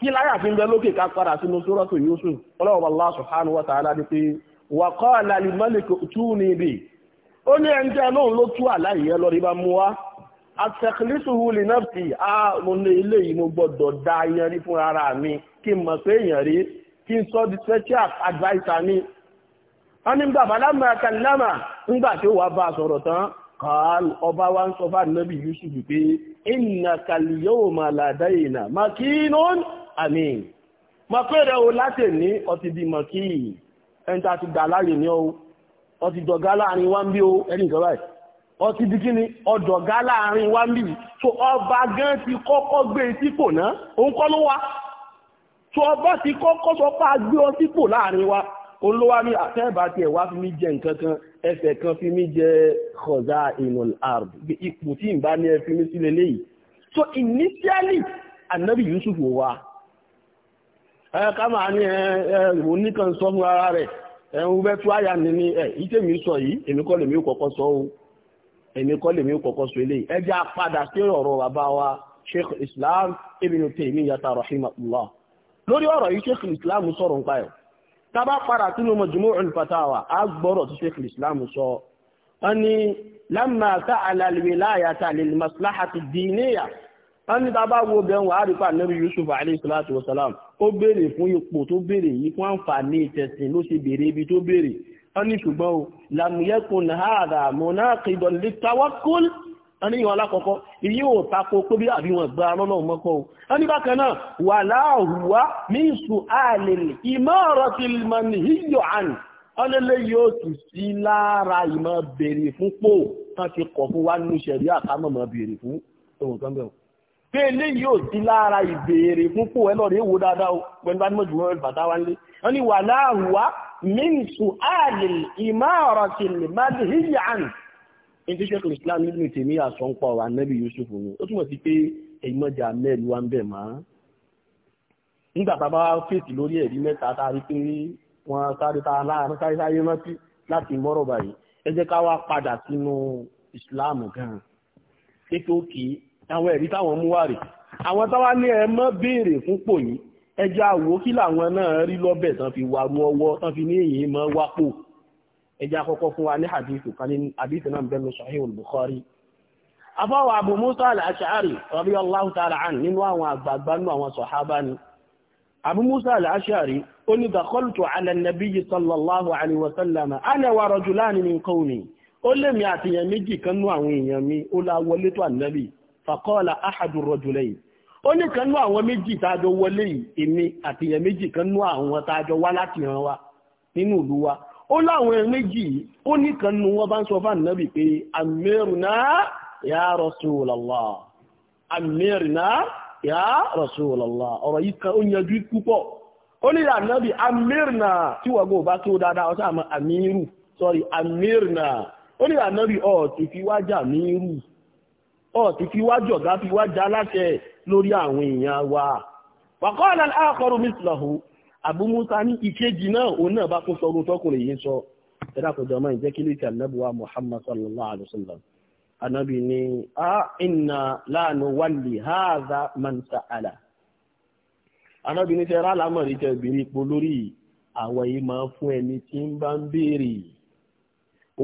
kí láyà ti ń bẹ lókè ká padà sínú sórọ́tò Yusuf ọlọ́wọ́ Allah subhanahu wa ta'ala ni pé wà kọ́ àlàlì mọ́lẹ̀kọ̀ tú ní ibè ó ní ẹni lóun ló tú àláyé ẹ kí n mọ̀ di special adviser mi wọ́n ní gbà fàlámà kàlámà ńgbà tí ó wà bá sọ̀rọ̀ tán kàál ọba wa ń sọ fà nàbí Yusuf pé ìnà kàlíyàwó mà làdáyè nà màkínún àmín mọ̀pẹ́rẹ́ o láti ní ọtí di mọ̀kí ẹni ti gbà láàyè ní o ọtí dọ̀gá láàrin wá ń bí o ẹni ìjọba ọtí di kí ọdọ̀gá láàrin wá ń bí so ọba gan ti kọ́kọ́ gbé e sípò náà òun kọ́ ló wá so ọba ti kọ́kọ́ sọ pé a gbé ọ sípò láàrin wa olówó ní àtẹ́ẹ̀bá ah, tiẹ̀ wá fi mí jẹ nǹkan kan ẹsẹ̀ kan fi mí jẹ kọ̀dá ìnùl àrùn ipò tí ìbá ní ẹ fi mí sílẹ̀ léyìí so initially anabi yusuf wà ẹ ká máa ní ẹ ẹ oníkan sọ fún ara rẹ ẹ ń bẹ tú àyà ni ní ẹ ìtẹ̀mí sọ yìí èmi kọ́ lèmi kọ́kọ́ sọ o èmi kọ́ lèmi kọ́kọ́ sọ eléyìí ẹ jẹ́ apádà sí ọ̀rọ̀ bàbá wa sheikh islam ibn taymiyyah rahimahullah lórí ọ̀rọ̀ yìí sheikh islam sọ̀rọ̀ nípa ẹ̀ tábà padà sínú Majmu'ul Fatawa á gbọ́rọ̀ tí Sheikh Islam sọ wọ́n ní lamma sa'ala al-wilayata lil maslahati ad-diniyya wọ́n ní tábà wo bẹ́ẹ̀ wọ́n á rí pa Nabi Yusuf alayhi salatu wa salam ó béèrè fún ipò tó béèrè yìí fún àǹfààní ìtẹ̀sìn ló ṣe béèrè ibi tó béèrè wọ́n ní ṣùgbọ́n o lam yakun hadha munaqidan lit-tawakkul àníyàn alákọ̀ọ́kọ́ èyí ò tako pé bí àbí wọn gba lọ́nà mọ́kọ́ o a ní bákan náà wà láàrùwá ní ìsù ààlèlè ìmọ̀ọ̀rọ̀tìl manhiyọ̀ àní ọlẹ́lẹ́ yóò tù sí lára ìmọ̀ bèèrè fún pò tán ti kọ̀ fún wa nínú ìṣẹ̀rí àkámọ̀mọ̀ bèèrè fún ohun kan bẹ́ẹ̀ pé ilé yóò sí lára ìbèèrè fún pò ẹ lọ́rọ̀ èwo dáadáa pẹ̀lú bá ní wà ní ṣe kùn islam nínú ìtẹ̀mí àsọ̀npọ̀ ọ̀rọ̀ yusuf ni ó túmọ̀ sí pé èyí mọ́jà mẹ́rin wá ń bẹ̀ mọ́ nígbà tá a bá fèsì lórí ẹ̀rí mẹ́ta tá a rí pé wọ́n sáré tá a láàrín sáré sáré rántí láti mọ́rọ̀ báyìí ẹ jẹ́ ká wá padà sínú islam gan-an kékeré òkè àwọn ẹ̀rí táwọn mú wá rè àwọn táwa ní ẹ mọ́ béèrè fún pò yìí ẹjọ́ àwò kí làwọn náà rí lọ́bẹ̀ tán fi wá rú ọwọ́ tán fi ní èyí mọ́ wápò ẹjẹ́ àkọ́kọ́ fún wa ní hadithu kan ní hadithu náà bẹ́ẹ̀ sahih al-bukhari afọ́wọ́ abu musa al-ash'ari radiyallahu ta'ala an nínú àwọn àgbààgbà nínú àwọn sọ̀hábà ni abu musa al-ash'ari ó ní dakhaltu ala an-nabiyyi sallallahu alayhi wa sallam ana wa rajulani min qawmi ó lèmi àtìyàn méjì kan nú àwọn èèyàn mi ó la wọlé tó ànábì faqala ahadu rajulayn ó ní kan nú àwọn méjì tájọ wọlé yìí èmi àtìyàn méjì kan nú àwọn tájọ wá láti ìran wa nínú ìlú wa ó láwọn méjì ó nìkan nu wọn bá ń sọ fún ànábì pé ya Rasulullah ya ọ̀rọ̀ yìí kan ó yanjú púpọ̀ ó ní ànábì amírùnà tí wọ́n gbọ́ bá tó dáadáa ọ̀sán sorry amírùnà ó ní ànábì ọ̀ fi wájà fi wájọ̀ àbúmúsá ní ìkejì náà òun náà bá kún sọ orun tọkùnrin yìí sọ ẹ̀dàkùnjọ máa ń jẹ́ kí lóòtì ànábùwà muhammad sallallahu alayhi wa sallam anábì ní a inna la nuwalli hadha man sa'ala anábì ní sẹ́ra lámọ̀rí jẹ́ obìnrin ipò lórí àwọn yìí máa fún ẹni tí ń bá ń béèrè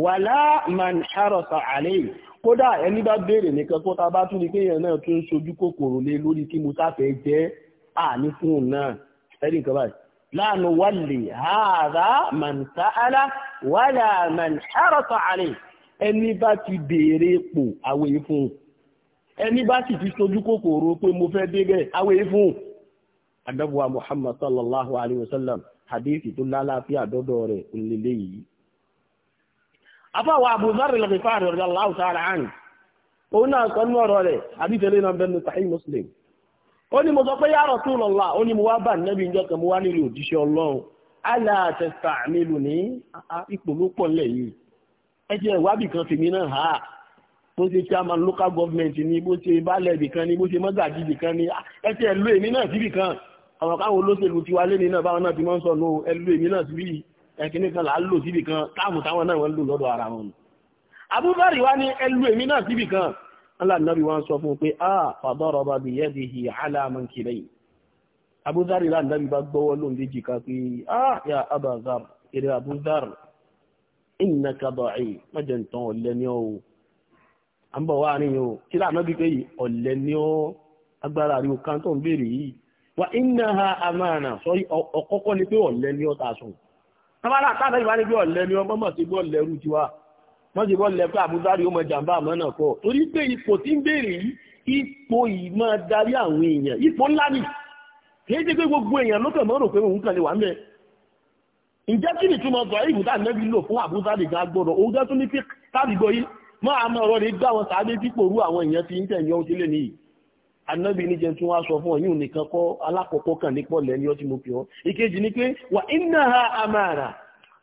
wàlá man harasa alayhi kódà ẹni bá béèrè nìkan kó ta bá tún ní kéèyàn náà tún sojú kòkòrò lé lórí kí mo sáfẹ́ jẹ́ àní fún un náà ẹ̀rí nǹkan báyìí لا نولي هذا من سأل ولا من حرص عليه ẹni bá ti béèrè ipò àwẹ̀ ìfún ẹni bá sì ti sojú kòkòrò pé mo fẹ́ débẹ̀ àwẹ̀ ìfún adábuwa Muhammad sallallahu alaihi wasallam hadithi tó lálàáfíà dọ́dọ̀ rẹ̀ olèlé yìí afáwà Abu Dharr al-Ghifari radiyallahu ta'ala anhu òun náà sọ nínú rẹ̀ àbí tẹ̀lé náà bẹ́ẹ̀ ní Sahih Muslim ó ní mo sọ pé ya Rasulullah ó ní mo wá bá nẹ́bí ìjọ kan mo wá nílò òjíṣẹ́ ọlọ́run ala tasta'miluni ah, ah, ipò ló pọ̀ nílẹ̀ yìí ẹ ti ẹ̀wábì kan tèmi náà ha bó ṣe chairman local government ni bó ṣe baálẹ̀ ibì kan ni bó ṣe mọ́gàjì ibì kan ni ah, ẹ ti ẹ̀ lo èmi náà síbì kan àwọn káwọn olóṣèlú ti wá lé ní náà báwọn náà ti máa ń sọ nù ẹ lo èmi náà síbì ẹ̀kíní kan là á lò síbì kan táàmù táwọn náà wọ́n lò lọ́dọ̀ ara wọn. Abubakar wa ni ẹ lo èmi náà síbì kan aláàbí wọn sọ fún pé a fàdọ́rọ̀ bá bí yẹ́dì hì aláàmọ́kìlẹ̀ abúzárì láàbí bá gbọ́wọ́ lóun díjì ká pé a ah, yà abazar eré abúzár iná kadọ̀ ẹ̀ mọ́jẹ̀ nǹkan ọ̀lẹ́ ní ọ́ à ń bọ̀ wá ní o kí láàánú bí pé ọ̀lẹ́ ní ọ́ agbára rí o wa wọ́n ti bọ́ lẹ́pẹ́ àbúzárì ó mọ jàǹbá àmọ́ náà kọ́ torí pé ipò tí ń béèrè yìí ipò yìí máa darí àwọn èèyàn ipò ńlá ni kìí ṣe pé gbogbo èèyàn ló kàn mọ́ rò pé òun kàn lè wà mẹ́ ǹjẹ́ kí ni túmọ̀ sọ ìbùdá nẹ́bí lò fún àbúzárì gan gbọ́dọ̀ òun jẹ́ tún ní kí tábìgbọ́ yìí máa mọ ọ̀rọ̀ rẹ̀ gbá wọn sáré dípò àwọn èèyàn ti ń tẹ̀yìn ohun sílẹ̀ nìyí anábì ní jẹ́ tún wá sọ fún ọ̀yún nìkan kọ́ alákọ̀ọ́kọ́ kàn nípọ̀ lẹ́ni ọtí mo fi ọ́ ìkejì ni pé wà innaha amara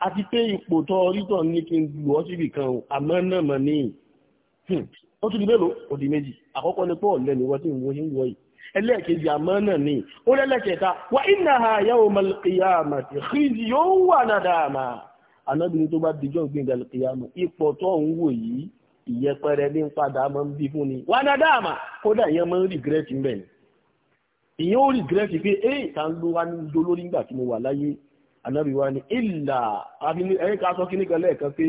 àti pé ipò tọ́ orítọ̀ ní kí n lù ọ́ síbì kan àmọ́ náà mọ̀ ní hmm. ó tún di mélòó ó di méjì àkọ́kọ́ ni paul lẹ́nu wọ́n tí ń wọ́n wọ́ yìí ẹlẹ́ẹ̀kejì àmọ́ náà ní ó lẹ́lẹ́kẹta wà innaha yawmal qiyamati khizyun wa nadama anábìnrin tó bá dijọ́ gbẹ̀ngàn kìyàmù ipò tó ń wò yìí ìyẹpẹrẹ ní padà máa ń bí fún ni wà nadama kódà ìyẹn máa ń rìgírẹ́tì mbẹ̀ ni ìyẹn ó rìgírẹ́tì pé ẹ̀ ta ló wá ní dolórí anábì wa ni ìlà ẹ̀rí ká sọ kíní kan lẹ́ẹ̀kan pé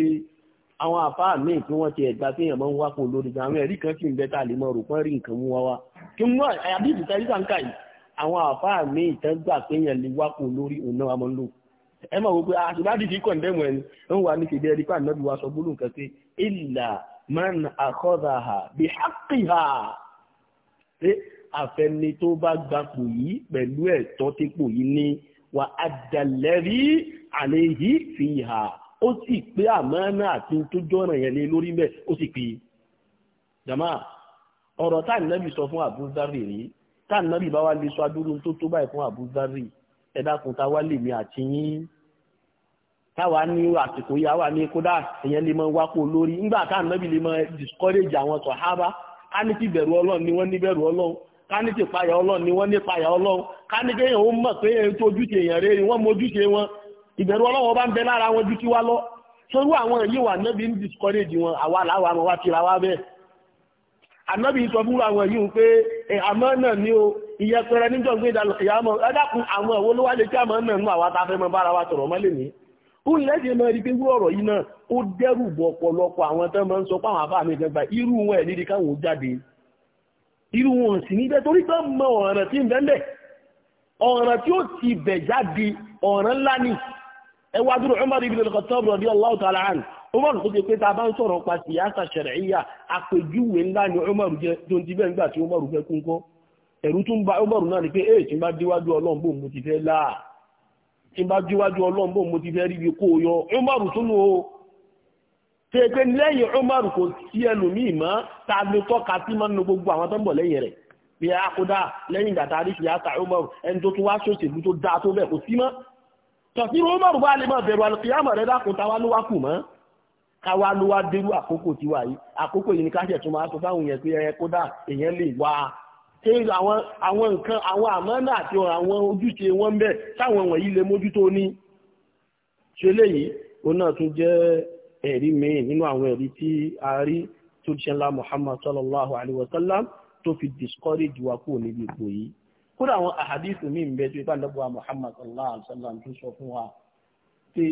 àwọn àfáà míì tí wọ́n ti ẹ̀gbá tí èèyàn máa ń wá kó lórí gan àwọn ẹ̀rí kan sì ń bẹ tá a lè mọ rò pọ́n rí nǹkan mú wa wá kí mú àbíjì tẹ́lí sàǹkà yìí àwọn àfáà míì tán gbà pé èèyàn lè wá kó lórí òun náà máa ń lò ẹ máa wò pé ah, àṣìbádìí ti kọ̀ǹdẹ́mù ẹni ń wà ní ṣèdí ẹ̀rí pé ànábì sọ gbólóhùn kan pé ìlà man àkọ́dàhà bí hákìhà pé àfẹni tó bá gbapò yìí pẹ̀lú ẹ̀tọ́ tí pò wà àdàlẹ́rí àléhì fìhà ó sì pé àmánà àti tó jọ́ràn yẹn lé lórí mẹ́ ó sì pé jama ọ̀rọ̀ tá ìnábì sọ fún àbúzárì rí tá ìnábì bá wá lè sọ adúrú tó tó báyìí fún àbúzárì ẹ dákun ta wá lè mi àti yín táwa ní àsìkò yà wà ní kódà ìyẹn lè mọ wákò lórí nígbà tá lè mọ discourage àwọn sọ̀hábà á ní kí bẹ̀rù ọlọ́run ni wọ́n ní bẹ̀rù ọlọ́run ká ní ti payà ọlọ́run ni wọ́n ní payà ọlọ́run ká ní kéèyàn ó mọ̀ pé èyí tó ojúṣe èèyàn rẹ̀ ni wọ́n mọ ojúṣe wọn ìbẹ̀rù ọlọ́run bá ń bẹ lára wọn ju tiwa lọ sórí àwọn èyí wà nẹ́bí ń discourage wọn àwa làwọn àmọ́ wa tira wa bẹ́ẹ̀ ànábì sọ fún àwọn èyí pé àmọ́ náà ni o ìyẹpẹrẹ níjọ́ gbé ìdàlùkìyàmọ́ ẹ̀dàkùn àwọn ẹ̀wọ́ ló wá lè kí àmọ́ náà nù àwọn àtàfẹ́ mọ́ bára wa tọ̀rọ̀ mọ́lẹ̀ ní ó lẹ́sẹ̀ mọ́ rí pé wú ọ̀rọ̀ yìí náà ó dẹ́rù bọ̀ ọ̀pọ̀lọpọ̀ àwọn tẹ́ mọ́ iru wọn sì níbẹ̀ torí pé mọ ọ̀ràn tí ń bẹ́ńbẹ̀ ọ̀ràn tí ó ti bẹ̀ jáde ńlá ni ẹ wá dúró Umar ibn al-Khattab radiyallahu ta'ala anhu ti pé tá bá ń sọ̀rọ̀ pa siyasa shar'iyya àpèjúwe ńlá ni Umar jẹ́ tó ń ti bẹ́ẹ̀ nígbà tí fẹ́ kún kọ́ náà ni pé èyí eh, tí ń bá díwájú Ọlọ́run mo ti fẹ́ láà tí ń bá díwájú mo ti fẹ́ ríbi kó o yọ tún tó yẹ pé lẹ́yìn Umar kò sí ẹlòmíì mọ́ ta ló tọ́ka sí mọ́ nínú gbogbo àwọn tó ń bọ̀ lẹ́yìn rẹ̀ bí a kó dáa lẹ́yìn ìgbà tá a rí fi àtà Umar ẹni tó tún wá ṣòṣèlú tó dáa tó bẹ̀ kò sí mọ́ tọ̀sí Umar bá lè mọ̀ bẹ̀rù àlùkìyàmọ̀ rẹ̀ dákun táwa ló wá kù mọ́ káwa ló wá dérú àkókò tiwa yìí àkókò yìí ni ká ṣẹ̀ tún máa sọ fáwọn yẹn pé ẹ kó èèyàn lè wá ṣé àwọn àwọn nǹkan àwọn àmọ́nà àti àwọn ojúṣe wọn ń táwọn wọ̀nyí lè mójútó ní ṣe léyìí òun náà tún jẹ́ ẹ̀rí mẹ́rin nínú àwọn ẹ̀rí tí a rí tó jẹ́ ńlá Muhammad sallallahu alaihi wasallam tó fi discourage wa kúrò níbi ipò yìí kódà àwọn àhàdíìsì míì ń bẹ tó ipá lọ́gbọ̀ Muhammad sallallahu alaihi wasallam tó sọ fún wa pé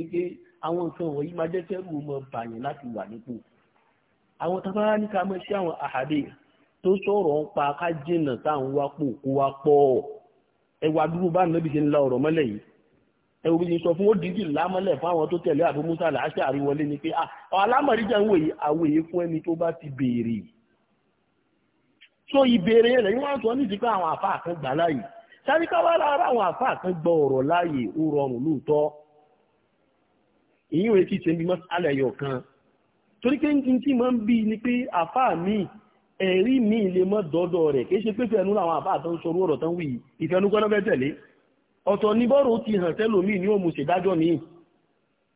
àwọn nǹkan wọ̀nyí máa jẹ́ kẹ́rù mọ́ bàyàn láti wà nípò ẹ̀wọ̀n bí sọ fún ó dìídì lámọ́lẹ̀ fáwọn tó tẹ̀lé àbú musa làásì àríwọlé ni pé ah, alámọ̀ríjà ń wòye àwòye fún ẹni tó bá ti béèrè so ìbéèrè rẹ̀ yín wọ́n sọ ní ti pé àwọn àfa kan gbà láàyè sáré káwá lára àwọn àfa kan gbọ́ ọ̀rọ̀ láàyè ó rọrùn lóòótọ́ ìyíwèé ti ṣe bí mọ́sálẹ̀ yọ̀ kan torí pé ní tí máa ń bí ni pé àfa mi ẹ̀rí mi lè mọ́ dọ́dọ̀ rẹ̀ kì í ṣe pé fẹ́ẹ́nu làwọn àfa àtọ́ ọ̀tọ̀ ní bọ́rọ̀ ti hàn tẹ́lòmí ní òmù ṣèdájọ́ ní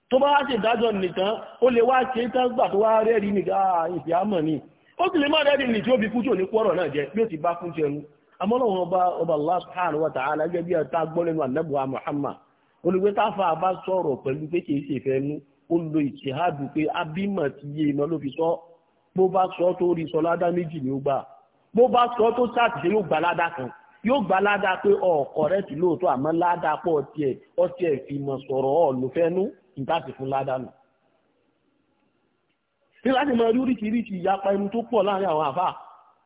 tó bá wá ṣèdájọ́ nìkan ó lè wá ṣe tán gbà tó wá rẹ́rí nìkan ìfìyàmọ̀ ní ó sì lè má rẹ́rí nì tí ó bí kú ní kọ́rọ̀ náà jẹ bí ó ti bá fún jẹun amọ́lọ́wọ́n ọba ọba Allah subhanahu wa ta'ala gẹ́gẹ́ bí ẹ̀ta gbọ́lẹ́nu ànábùwà Muhammad olùgbé táfà bá sọ̀rọ̀ pẹ̀lú pé kìí ṣe ìfẹ́ nú ó lo ni ó gbà bó bá sọ tó yóò gba ládàá pé ọ̀ọ̀kọ̀ rẹ̀ ti lóòótọ́ àmọ́ ládàá pọ̀ tiẹ̀ ọtí ẹ̀ fi mọ̀ sọ̀rọ̀ ọ̀lù fẹ́nu nígbà tí fún ládàá nù. ní láti mọ orí oríṣiríṣi ìyapa ẹnu tó pọ̀ láàrin àwọn àfà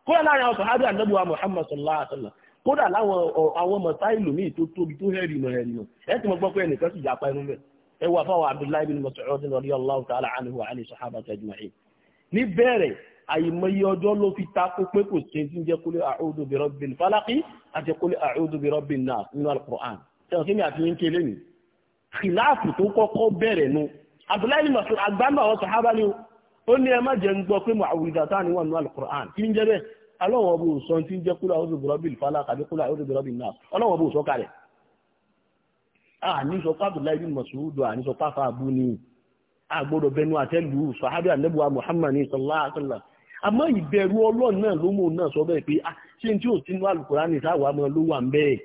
kódà láàrin àwọn sàhábì wa Muhammad sallallahu alaihi kódà láwọn àwọn míì tó tóbi tó hẹ́rì hẹ́rì ẹ ti mọ gbọ́ pé ẹnìkan sì bẹ́ẹ̀ ẹ wà fáwọn Abdullahi bin ta'ala àìmọye ọjọ́ ló fi tako pé kò sí ti ń jẹ́ kólé a'udhu bi rabbil falaqi àti kólé a'udhu bi rabbin nas nínú al-Qur'an tẹ̀wọ̀n kí ni àti ń kele ni kìláàfù tó kọ́kọ́ bẹ̀rẹ̀ nu Abdullahi Mas'ud agbámbà àwọn sàhábà ni ó ní ẹ má jẹ́ ń gbọ́ pé mu'awwidhatan wà nínú al-Qur'an kí ń jẹ́ bẹ́ẹ̀ ọlọ́wọ́ bó sọ ti ń jẹ́ kólé a'udhu bi rabbil falaq àti kólé a'udhu bi rabbin nas ọlọ́wọ́ àmọ́ ìbẹ̀rù ọlọ́run náà ló mú un náà sọ bẹ́ẹ̀ pé ah ṣé n tí ò sínú àlùkùránì táwa mọ́ ló wà ń bẹ́ẹ̀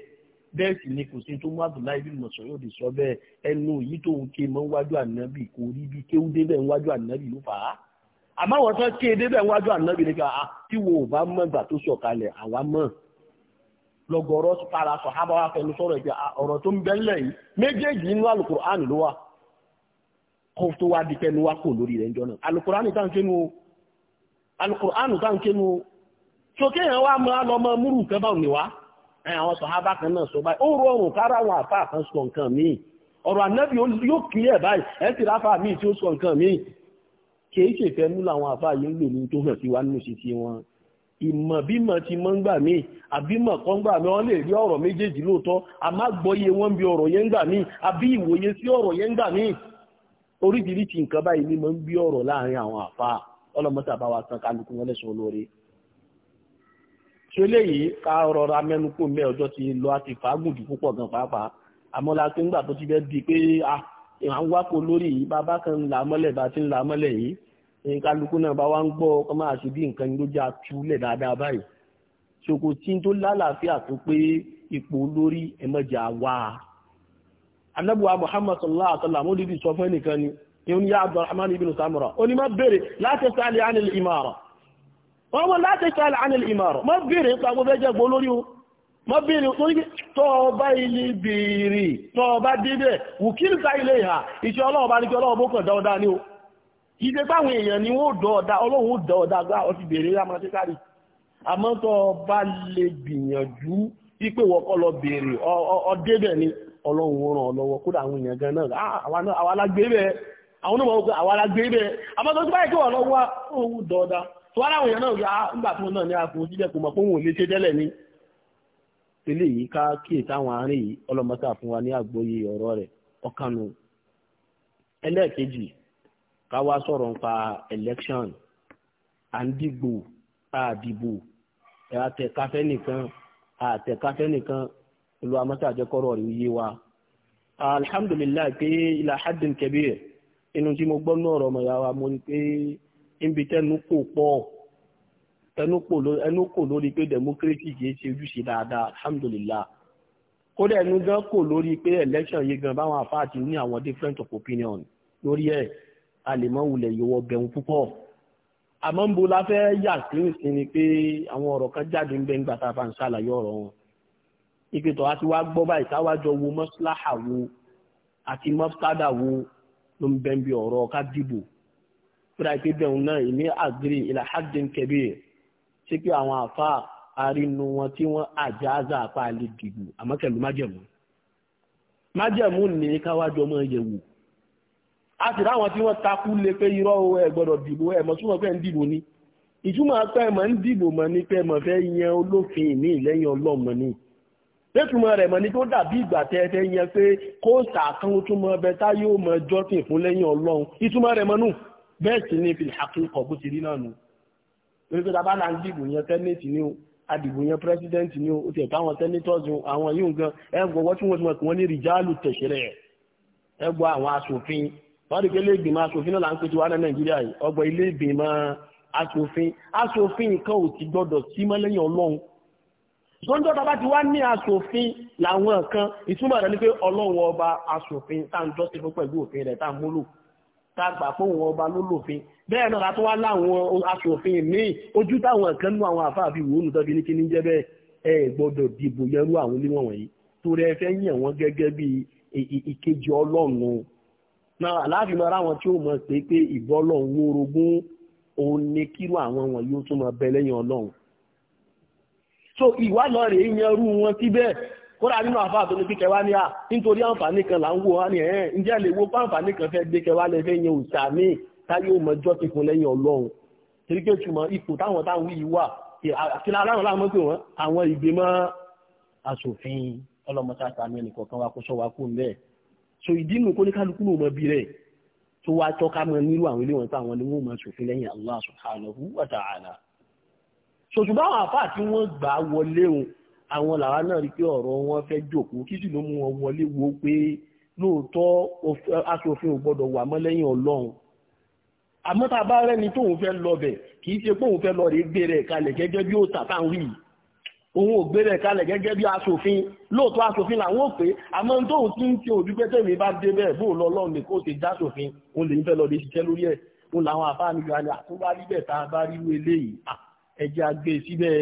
bẹ́ẹ̀ sì ni kò sí tó mú Abdullahi bin Mas'ud yóò di sọ bẹ́ẹ̀ ẹnu yìí tó ń ké mọ́ wájú ànábì kò rí bí kéwú débẹ̀ wájú ànábì ló fà á àmọ́ àwọn tán ké débẹ̀ wájú ànábì ni ká ah, ah, tí wo ò bá mọ̀ ìgbà tó sọ̀kalẹ̀ àwa mọ̀ lọ́gọ̀ọ́rọ́ para sọ̀hábà wa fẹnu sọ̀rọ̀ ìgbà ah, ọ̀rọ̀ tó ń bẹ́lẹ̀ yìí méjèèjì inú àlùkùránì ló wà kó tó wá di kẹnu wá kò lórí rẹ̀ ń jọ náà àlùkùránì táwọn ṣe o alukur'anu bá ń kénu sókè yẹn wá mọ́ alọ́mọ múrù kan bá òní wá àwọn sọ̀hábà kan náà sọ báyìí ó rọrùn kára àwọn kan sọ nǹkan míì ọ̀rọ̀ ànábì yóò kí ẹ̀ báyìí ẹ̀ ráfà míì tí ó sọ nǹkan míì kìí mú làwọn yìí lò ní tó hàn sí wa nínú wọn ìmọ̀ bímọ ti mọ́ ń gbà mí àbímọ̀ kan gbà mí wọ́n lè rí ọ̀rọ̀ méjèèjì lóòótọ́ àmágbọ́yé wọ́n bí ọ̀rọ̀ yẹn ń gbà mí àbí ìwòye sí ọ̀rọ̀ yẹn ń gbà mí oríṣiríṣi nǹkan báyìí ni mo ń bí ọ̀rọ̀ láàrin ọlọ́mọta bá wa tán kálukú wọn lẹ́sùn olóore ṣọlẹ́ yìí ká rọra mẹ́nu kò mẹ́ ọjọ́ ti lọ àti fàágùn jù púpọ̀ gan pàápàá àmọ́ la pé ńgbà tó ti bẹ́ẹ̀ di pé à ń wá kó lórí yìí bàbá kan ń là mọ́lẹ̀ bá ti ń là mọ́lẹ̀ yìí kálukú náà bá wá ń gbọ́ ọkọ máa ṣe bí nǹkan ló já túlẹ̀ dáadáa báyìí ṣòkò tí tó lálàáfíà tó pé ipò lórí ẹ̀mọ́jà wà. anábùwà Muhammad sallallahu alaihi wa sallam ó dìbì ìhun ya abdulrahman ibn samura ó ní má bèèrè láti sáàlì ánìl ìmàrà wọ́n wọ́n láti sáàlì ánìl ìmàrà má bèèrè nípa agbó fẹ́ jẹ́gbó lórí o má bèèrè torí tọ́ọ̀bá ilé bèèrè tọ́ọ̀bá débẹ̀ wùkílùkà ilé ìhà iṣẹ́ ọlọ́ọ̀bá ní kí ọlọ́ọ̀ bó dáadáa ní o àwọn onímọ̀ ogun àwọn alágbé ibẹ̀ àmọ́tọ́ tó báyìí kí wọ́n lọ wá ohun dọ̀ọ̀dá tó wá láwọn èèyàn náà yá nígbà náà ní àpò òjílẹ̀ kò mọ̀ òun lè ṣe tẹ́lẹ̀ ni tẹ́lẹ̀ yìí ká kíyè táwọn àárín yìí ọlọ́mọta fún wa ní àgbóyè ọ̀rọ̀ rẹ̀ ọ̀kanu ẹlẹ́ẹ̀kejì ká wá sọ̀rọ̀ nípa election àǹdìgbò àdìbò àtẹ̀káfẹ́ nìkan àtẹ̀káfẹ́ nìkan nikan inú tí mo gbọ́ ní ọ̀rọ̀ ọmọ ìyá wa mo rí pé níbi tẹnu kò pọ̀ ẹnu kò lórí pé democracy kìí ṣe ojúṣe dáadáa alhamdulillah kódà ẹnu gan kò lórí pé election yìí gan báwọn àfáàtì ní àwọn different of opinion lórí ẹ̀ a lè mọ wulẹ̀ yọwọ́ bẹ̀rù púpọ̀ àmọ́ ń bo la fẹ́ yà sí ìsìn ni pé àwọn ọ̀rọ̀ kan jáde ń bẹ́ nígbà tá a bá ń ṣàlàyé ọ̀rọ̀ wọn ìpètò àti wá gbọ́ báyìí táwájọ wo mọ́ṣáláhà wo àti mọ́ṣáláhà wo ló ń bẹ́ẹ̀ bí ọ̀rọ̀ ká dìbò fúra pé bẹ́ẹ̀ náà ìní àgírí ìlà hadin kẹbí ṣé pé àwọn àfa arínú wọn tí wọ́n àjáàzà apá lè dìbò àmọ́ kẹlú májẹ̀mú májẹ̀mú ní káwájú ọmọ yẹ̀wò a sì ráwọn tí wọ́n takú lé pé irọ́ ẹ gbọ́dọ̀ dìbò ẹ mọ̀ súnmọ́ pé ń dìbò ni ìtumọ̀ pé mọ̀ ń dìbò mọ̀ ni pé mọ̀ fẹ́ yan olófin ìní ìlẹ́yìn ọlọ́mọ ni létùmọ̀ rẹ̀ mọ̀ ní tó dàbí ìgbà tẹ́ẹ̀tẹ́ yẹn pé kó sàkán túmọ̀ ọbẹ̀ tá yóò mọ jọ́sìn fún lẹ́yìn ọlọ́run ìtumọ̀ rẹ̀ mọ̀ nù bẹ́ẹ̀ sì ni fìlà àkínkọ̀ bó ti rí náà nù torí pé tábà là ń dìbò yẹn tẹ́nẹ̀tì ni o àdìbò yẹn president ni o ó ti ẹ̀ka àwọn senators àwọn yìí gan ẹ̀ ń gbọ́wọ́ tí wọ́n ti mọ̀ pé wọ́n ní rìjálù tẹ̀sẹ̀rẹ̀ ẹ̀ gbọ́ àwọn asòfin sọ́njọ́ tàbá ti wá ní aṣòfin làwọn kan ìtumọ̀ rẹ̀ ní pé ọlọ́run ọba aṣòfin tá ń jọ́sìn fún pẹ̀lú òfin rẹ̀ tá ń múlò tá gbà fún òun ọba lólòfin bẹ́ẹ̀ náà tó wá láwọn aṣòfin míì ojú táwọn kan nú àwọn àfáàfi wòónù tọ́bi ní kíní jẹ́ bẹ́ẹ̀ ẹ gbọ́dọ̀ dìbò yẹrú àwọn oníwọ̀n wọ̀nyí torí ẹ fẹ́ yàn wọ́n gẹ́gẹ́ bí ìkejì ọlọ́run náà aláàfin wọn tí ó mọ̀ pé ìbọ́lọ̀ ń wórogún òun ni kírú àwọn wọ̀nyí ó tún mọ bẹ lẹ́yìn ọlọ́run so ìwà lọ rèé yanrú wọn síbẹ̀ kódà nínú àfá àtọ́ ní kíkẹ wá ní à nítorí àǹfààní kan là ń wò wá ní ẹ̀ẹ́ ǹjẹ́ lè wo fáǹfààní kan fẹ́ gbé kẹwàá lẹ́fẹ́ yẹn òòṣà míì táyé ò mọjọ́ ti fún lẹ́yìn ọlọ́run torí pé túmọ̀ ipò táwọn táwọn yìí wà kí láwọn láwọn pè wọ́n àwọn ìgbìmọ̀ asòfin ọlọ́mọta sàmì ẹnìkọ̀ọ̀kan wa kó sọ wa kú ńbẹ́ so ìdí nù kó ní kálukú ló mọ bí rẹ̀ tó wá tọ́ka mọ nírú àwọn ilé wọn táwọn ni wọ́n mọ asòfin lẹ́yìn Allah subhanahu wa ta'ala ṣòṣùgbọ́ àwọn àfáà tí wọ́n gbà wọlé òun àwọn làwa náà rí pé ọ̀rọ̀ wọn fẹ́ jòkó kí sì ló mú wọn wọlé wo pé lóòótọ́ aṣòfin ò gbọ́dọ̀ wà mọ́ lẹ́yìn ọlọ́run àmọ́ tá a bá rẹ́ni tóun fẹ́ lọ́bẹ̀ kì í ṣe pé òun fẹ́ lọ rí gbé rẹ̀ kalẹ̀ gẹ́gẹ́ bí ó tàtà ń rí yìí òun ò gbé rẹ̀ kalẹ̀ gẹ́gẹ́ bí aṣòfin lóòótọ́ aṣòfin làwọn ò pé àmọ́ tóun ti ń ṣe òjú pé tèmi bá dé bẹ́ẹ̀ bó lọ lọ́run ní kó ti já aṣòfin òun lè ń fẹ́ lọ rí ṣiṣẹ́ lórí ẹ̀ òun làwọn àfáà ẹjẹ́ agbé síbẹ̀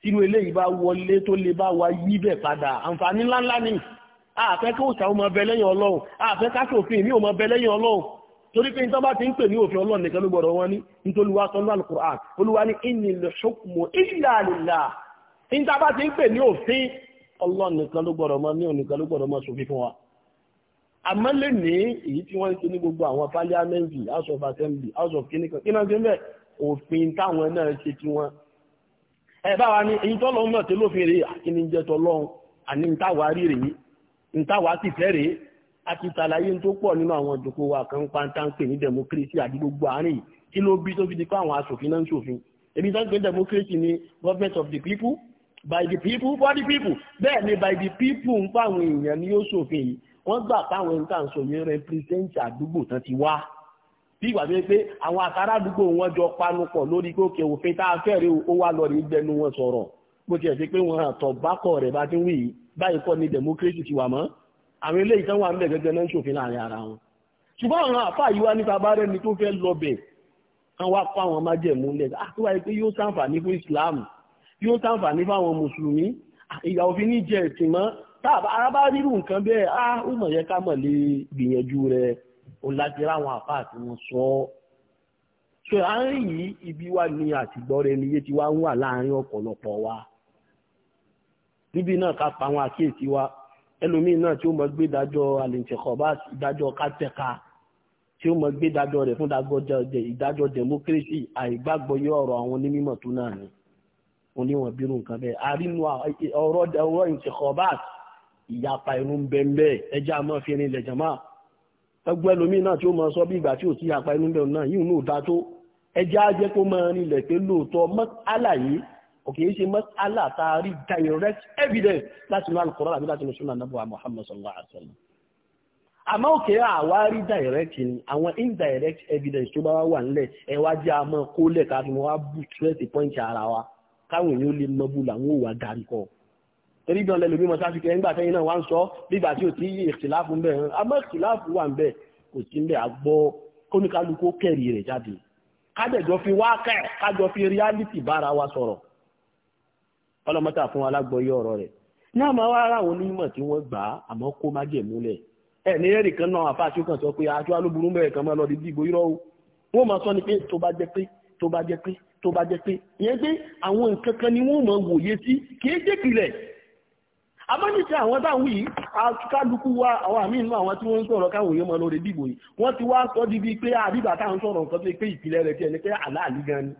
tírú eléyìí bá wọlé tó lè bá wa yí bẹ̀ padà àǹfààní ńláńlá ni àfẹ́ kí òòṣà ọmọ ọbẹ̀ lẹ́yìn ọlọ́run àfẹ́ káṣòfin ìmí ọmọ ọbẹ̀ lẹ́yìn ọlọ́run torí pé nítorí bá ti ń pè ní òfin ọlọ́run nìkan ló gbọ́dọ̀ wọn ní nítorí wá sọ́nú alukur'an olúwa ní innal hukmu illa lillah nítorí bá ti ń pè ní òfin ọlọ́run nìkan ló gbọ́dọ̀ wọn ní ònìkan ló gbọ́dọ̀ wọn sòfin fún wa. àmọ́ lè ní èyí tí wọ́n ń ṣe ní gbogbo àwọn parliament house of assembly house of clinic kí náà ṣe ń bẹ́ẹ̀ òfin táwọn náà ṣe tí wọ́n ẹ báwa ní èyí tọ́lọ́ náà tí lófin rèé àkíní jẹ́ tọ́lọ́hún àní ntàwá rí rèé ntàwá sì fẹ́ rèé àti tàlàyé tó pọ̀ nínú àwọn ìjòkó wa kan pátá ń pè ní democracy àti gbogbo àárín kí ló bí tó fi di pé àwọn aṣòfin náà ń ṣòfin èmi tó ń pè democracy ni government of the people by the people for the people bẹ́ẹ̀ ni by the people ń fáwọn èèyàn ni yóò ṣòfin yìí wọ́n gbà táwọn ẹni tá à ń bí ìgbà tó yẹ pé àwọn àtàrà àdúgbò wọn jọ panupọ̀ lórí gòkè òfin tá a fẹ́rẹ̀ ó wà lọ rí gbẹnu wọn sọ̀rọ̀ bó tiẹ̀ sí pé wọn àtọ̀ bákọ̀ rẹ̀ bá ti wí báyìí kọ́ ni democracy ti wà mọ́ àwọn eléyìí tán wà ń bẹ̀ gẹ́gẹ́ náà ń ṣòfin láàrin ara wọn ṣùgbọ́n àwọn àfáà yìí wá nípa bá rẹ́ni tó fẹ́ lọ bẹ̀ kan wá kọ́ àwọn májẹ̀mú lẹ̀ àti ah, wáyé pé yóò ó lájẹrẹ àwọn àfa àti wọn sọ ọ ṣe àárín yìí ibi wa ni àtìgbọ́rẹ́ ni iye tí wá ń wà láàárín ọ̀pọ̀lọpọ̀ wa níbi náà ká pa àwọn àkíyèsí wa ẹlòmíín náà tí ó mọ gbé dájọ́ àlèǹtẹ̀kọ̀ bá dájọ́ kátẹ́ka tí ó mọ gbé dájọ́ rẹ̀ fún ìdájọ́ democracy àìgbàgbọ́yé ọ̀rọ̀ àwọn onímọ̀ tó náà ni oníwọ̀n bírú nǹkan bẹ́ẹ̀ àrínú ọ̀rọ̀ ìǹtẹ̀kọ̀ bá ìyapa irun bẹ́ẹ̀ bẹ́ẹ̀ ẹjẹ́ àmọ́ fi ẹni ilẹ̀ jàmáà ẹgbẹ́ ẹlòmíì náà tí ó máa sọ bí ìgbà tí ò sí apá inú bẹ̀rù náà yìí náà dá tó ẹjẹ́ á jẹ́ kó máa rinlẹ̀ pé lóòótọ́ mọ́sálà yìí òkè ṣe mọ́sálà tá a rí direct evidence láti inú Al-Qur'an àbí láti inú sunnah nàbọ̀ Muhammad sallallahu alaihi wasallam. àmọ́ òkè àwa rí direct ni àwọn indirect evidence tó bá wà nílẹ̀ ẹ wá jẹ́ àmọ́ kólẹ̀ káfíńwá bù stress point ara wa káwọn èèyàn lè mọ bù làwọn ò wá darí kọ́ torí gan lẹ́lòmí mọ́ sáfíkẹ́ ńgbà tẹ́yìn náà wá ń sọ nígbà tí ò tí yí ìtìláàfù ń bẹ̀ hàn àmọ́ ìtìláàfù wà ń bẹ̀ kò sí ń bẹ̀ àgbọ́ kóníkálukú kẹ̀rì rẹ̀ jáde kájẹ̀jọ́ fi wá kẹ̀ kájọ fi reality bára wa sọ̀rọ̀ ọlọ́mọta fún alágbọ̀yé ọ̀rọ̀ rẹ̀ ní àmọ́ wá ara àwọn onímọ̀ tí wọ́n gbà á àmọ́ kó má jẹ̀ múlẹ̀ ẹ̀ ní ni pé tó bá jẹ́ pé tó bá jẹ́ pé tó bá jẹ́ pé ìyẹn pé àwọn nǹkan kan ni wọ́n máa wòye sí kì í jẹ́ pilẹ̀ amọ́nìtì àwọn táwọn yìí kálukú wa àwọn àmì inú àwọn tí wọ́n ń sọ̀rọ̀ káwọn èèyàn mọ́ lórí dìbò yìí wọ́n ti wá sọ di bíi pé àdìgbà táwọn sọ̀rọ̀ nǹkan tó pé ìpìlẹ̀ rẹ̀ tiẹ̀ ní pé àláàlú gan ni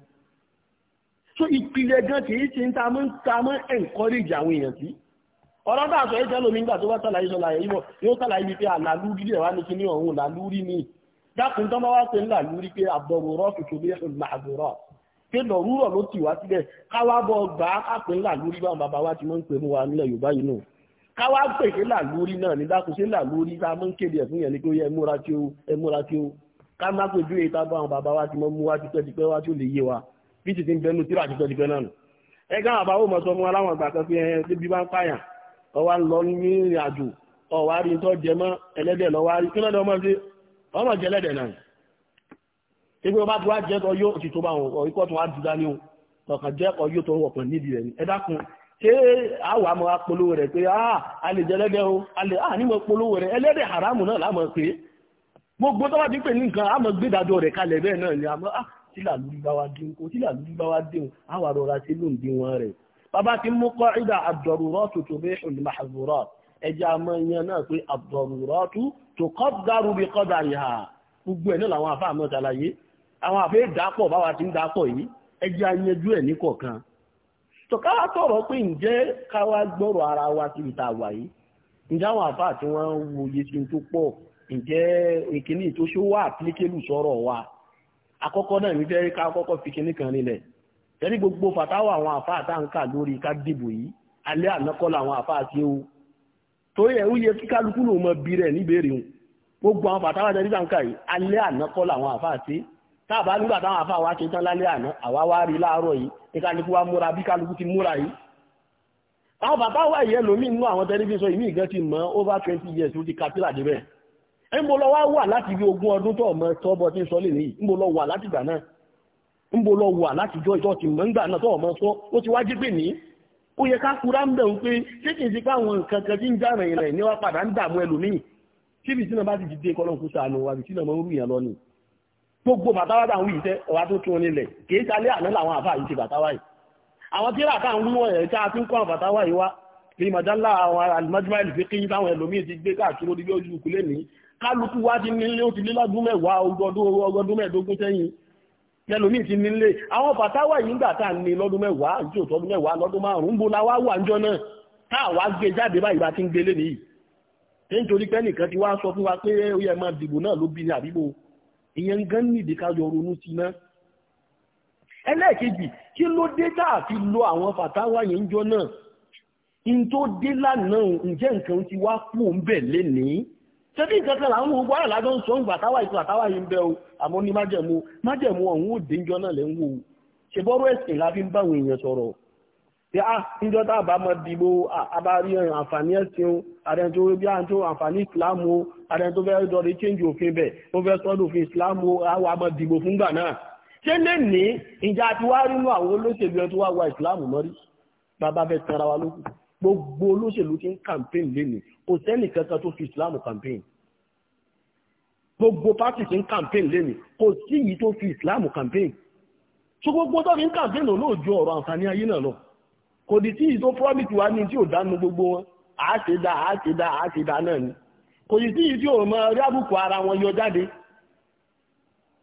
so ìpìlẹ̀ gan kì í ṣe ń ta mọ́ ta mọ́ encourage àwọn èèyàn sí ọ̀rọ̀ bá àṣọ ìjẹ́ lómi nígbà tó bá sàlàyé sọ láyé yìí ni dákun tó bá wá pé ńlá lúrí pé lọ́rùrọ̀ ló ti wá síbẹ̀ káwá gbà á kápẹ́ ńlá lórí báwọn bàbá wa ti máa ń pè mú wa nílẹ̀ Yorùbá yìí nù káwá pè ṣe là lórí náà ní dákun ṣe là lórí a ń kéde yẹn ni pé ó yẹ tí ó tí ó ká má bí wa ti máa mú wa tipẹ́tipẹ́ tí ó lè yé wa bí ti ti ń bẹnu tíra náà nù ẹ àbá ó mọ ọmọ ọmọ ebi ọba tí wá jẹ́ tọ yóò ti tó bá wọn ọ̀ríkọ́ tó wá jù dání o tọkàn jẹ́ ọ yóò tó wọ̀pọ̀ níbi rẹ̀ ni ẹ dákun ṣé àwọn àmọ́ apolówó rẹ̀ pé a lè jẹ lẹ́dẹ̀ o a lè ànímọ̀ polówó rẹ̀ ẹlẹ́dẹ̀ haramu náà lámọ̀ pé gbogbo tó bá ti pè ní nǹkan àmọ́ gbédàjọ rẹ̀ kalẹ̀ bẹ́ẹ̀ náà ni àmọ́ tílà lórí bá wá dín kó tílà lórí bá wá dín àwọn àrọ̀ra sí ló ń dín wọn rẹ̀ bàbá ti mú kọ́ ìdá ad-daruratu tubihu al-mahzurat ẹja àmọ́ yẹn náà pé ad-daruratu tuqaddaru bi qadariha gbogbo ẹ̀ náà làwọn àfáà mọ́ ṣàlàyé àwọn àfẹ́ ìdápọ̀ báwa ti ń dápọ̀ yìí ẹjẹ́ ayanjú ẹ̀ ní kọ̀ọ̀kan tọ́káwá tọ̀rọ̀ pé ǹjẹ́ káwá gbọ́rọ̀ ara wa sí ìta wà yìí ǹjẹ́ àwọn àfà tí wọ́n ń wòye sí tó pọ̀ ǹjẹ́ ìkíní tó ṣó wà àpílíkélù sọ̀rọ̀ wa àkọ́kọ́ náà ní fẹ́ẹ́ ká kọ́kọ́ fi kíní kan nílẹ̀ tẹ́lí gbogbo fàtáwà àwọn àfà àtàǹkà lórí ká dìbò yìí alẹ́ ànákọ́lá àwọn àfà àti ewu torí ẹ̀ ń yẹ kí kálukú lòun mọ bí rẹ̀ níbèrè gbogbo àwọn fàtáwà tẹ́lí àtàǹkà yìí alẹ́ ànákọ́lá àwọn àfà àti táàbá nígbà táwọn àfa wa ṣe tán lálẹ́ àná àwa wá rí láàárọ̀ yìí ní kálukú wa múra bí kálukú ti múra yìí àwọn bàbá wa ìyẹn lómi inú àwọn tẹlifíṣàn ìmí ìgán ti mọ over twenty years ló ti katira débẹ̀ ẹ ń bo lọ wá wà láti bí ogún ọdún tó ọmọ tọ́bọ tí ń sọ lèyí ń bo lọ wà láti gbà náà ń bo lọ wà láti jọ ìjọ ti mọ̀ ń gbà náà tó ọmọ sọ ó ti wá jí pè ní ó yẹ ká kúrá ń bẹ̀ pé ṣé kì pé àwọn nǹkan kan tí ń já rìn ní wá padà ń dààmú ẹlòmíì tíbi tí náà bá ti dìde kọlọ́nkú sànù àbí tí náà mọ́ ń rú ìyàn lọ nìyí gbogbo bàtàwà tàà ń wí ìtẹ́ ọ̀wá tó tún nílẹ̀ kìí kalẹ́ àná làwọn àfà yìí ti bàtàwà yìí àwọn tíra tàà ń wú ọ̀yẹ̀ tí a ti ń kọ́ bàtàwà yìí wá ní màdálà àwọn alimajumai lè fi kí táwọn ẹlòmíì ti gbé káàkiri ó di bí ojú ìkúlẹ̀ ní kálukú wá ti nílé ó ti lé lọ́dún mẹ́wàá ọgọ́dún mẹ́ẹ̀ẹ́dógún sẹ́yìn ẹlòmíì ti nílé àwọn bàtàwà yìí nígbà tá à ń ní lọ́dún mẹ́wàá àti òtọ́dún mẹ́wàá lọ́dún márùn-ún bó la wá wà ńjọ náà tá à wá gbé jáde báyìí bá ti ń gbélé nìyí nítorí pé ẹnìkan ti wá sọ fún wa pé ó yẹ máa dìbò náà ló bí ní àbíbò ìyẹn gan nìdí ká yọ ronú sí náà ẹlẹ́ẹ̀kejì kí ló dé tá a fi lo àwọn fàtáwà yẹn jọ náà in tó dé lánàá ǹjẹ́ nǹkan ti wá pò ń bẹ̀ lénìí ṣebí nǹkan kan làwọn ohun wàhálà lájọ ń sọ ń fàtáwà ìtò àtáwà yìí ń bẹ o àmọ́ ní májẹ̀mú májẹ̀mú ọ̀hún òdéńjọ náà lẹ́ ń wò ẹ̀sìn la ń báwọn èèyàn sọ̀rọ̀ pé á ah, níjọ́ tá bá mọ́ dìbò àbárí àǹfààní ẹ̀sìn o ààrẹ tó bí á tó àǹfààní ìsìláàmù o ààrẹ tó fẹ́ dọ̀rí change òfin bẹ̀ ó fẹ́ sọ́dọ̀ òfin ìsìláàmù o á wà mọ́ dìbò náà ṣé lè ní ìjà àti wá rínú àwọn olóṣèlú ẹ tó wá ìsìláàmù mọ́rí bàbá fẹ́ tara wa lókù gbogbo olóṣèlú ti ń campaign lénìí kò sẹ́nì kankan tó fi ìsìláàmù campaign gbogbo party ti ń campaign lénìí kò sí yìí tó fi ìsìláàmù campaign ṣùgbọ́n gbogbo tó fi ń campaign lò lóòjọ́ ọ̀rọ̀ àǹfààní ayé náà lọ kò dì tí ìtò profit wá ní tí ò dánu gbogbo wọn àáṣedá àáṣedá àáṣedá náà ni kò dì tí ìtì ò mọ rí àbùkù ara wọn yọ jáde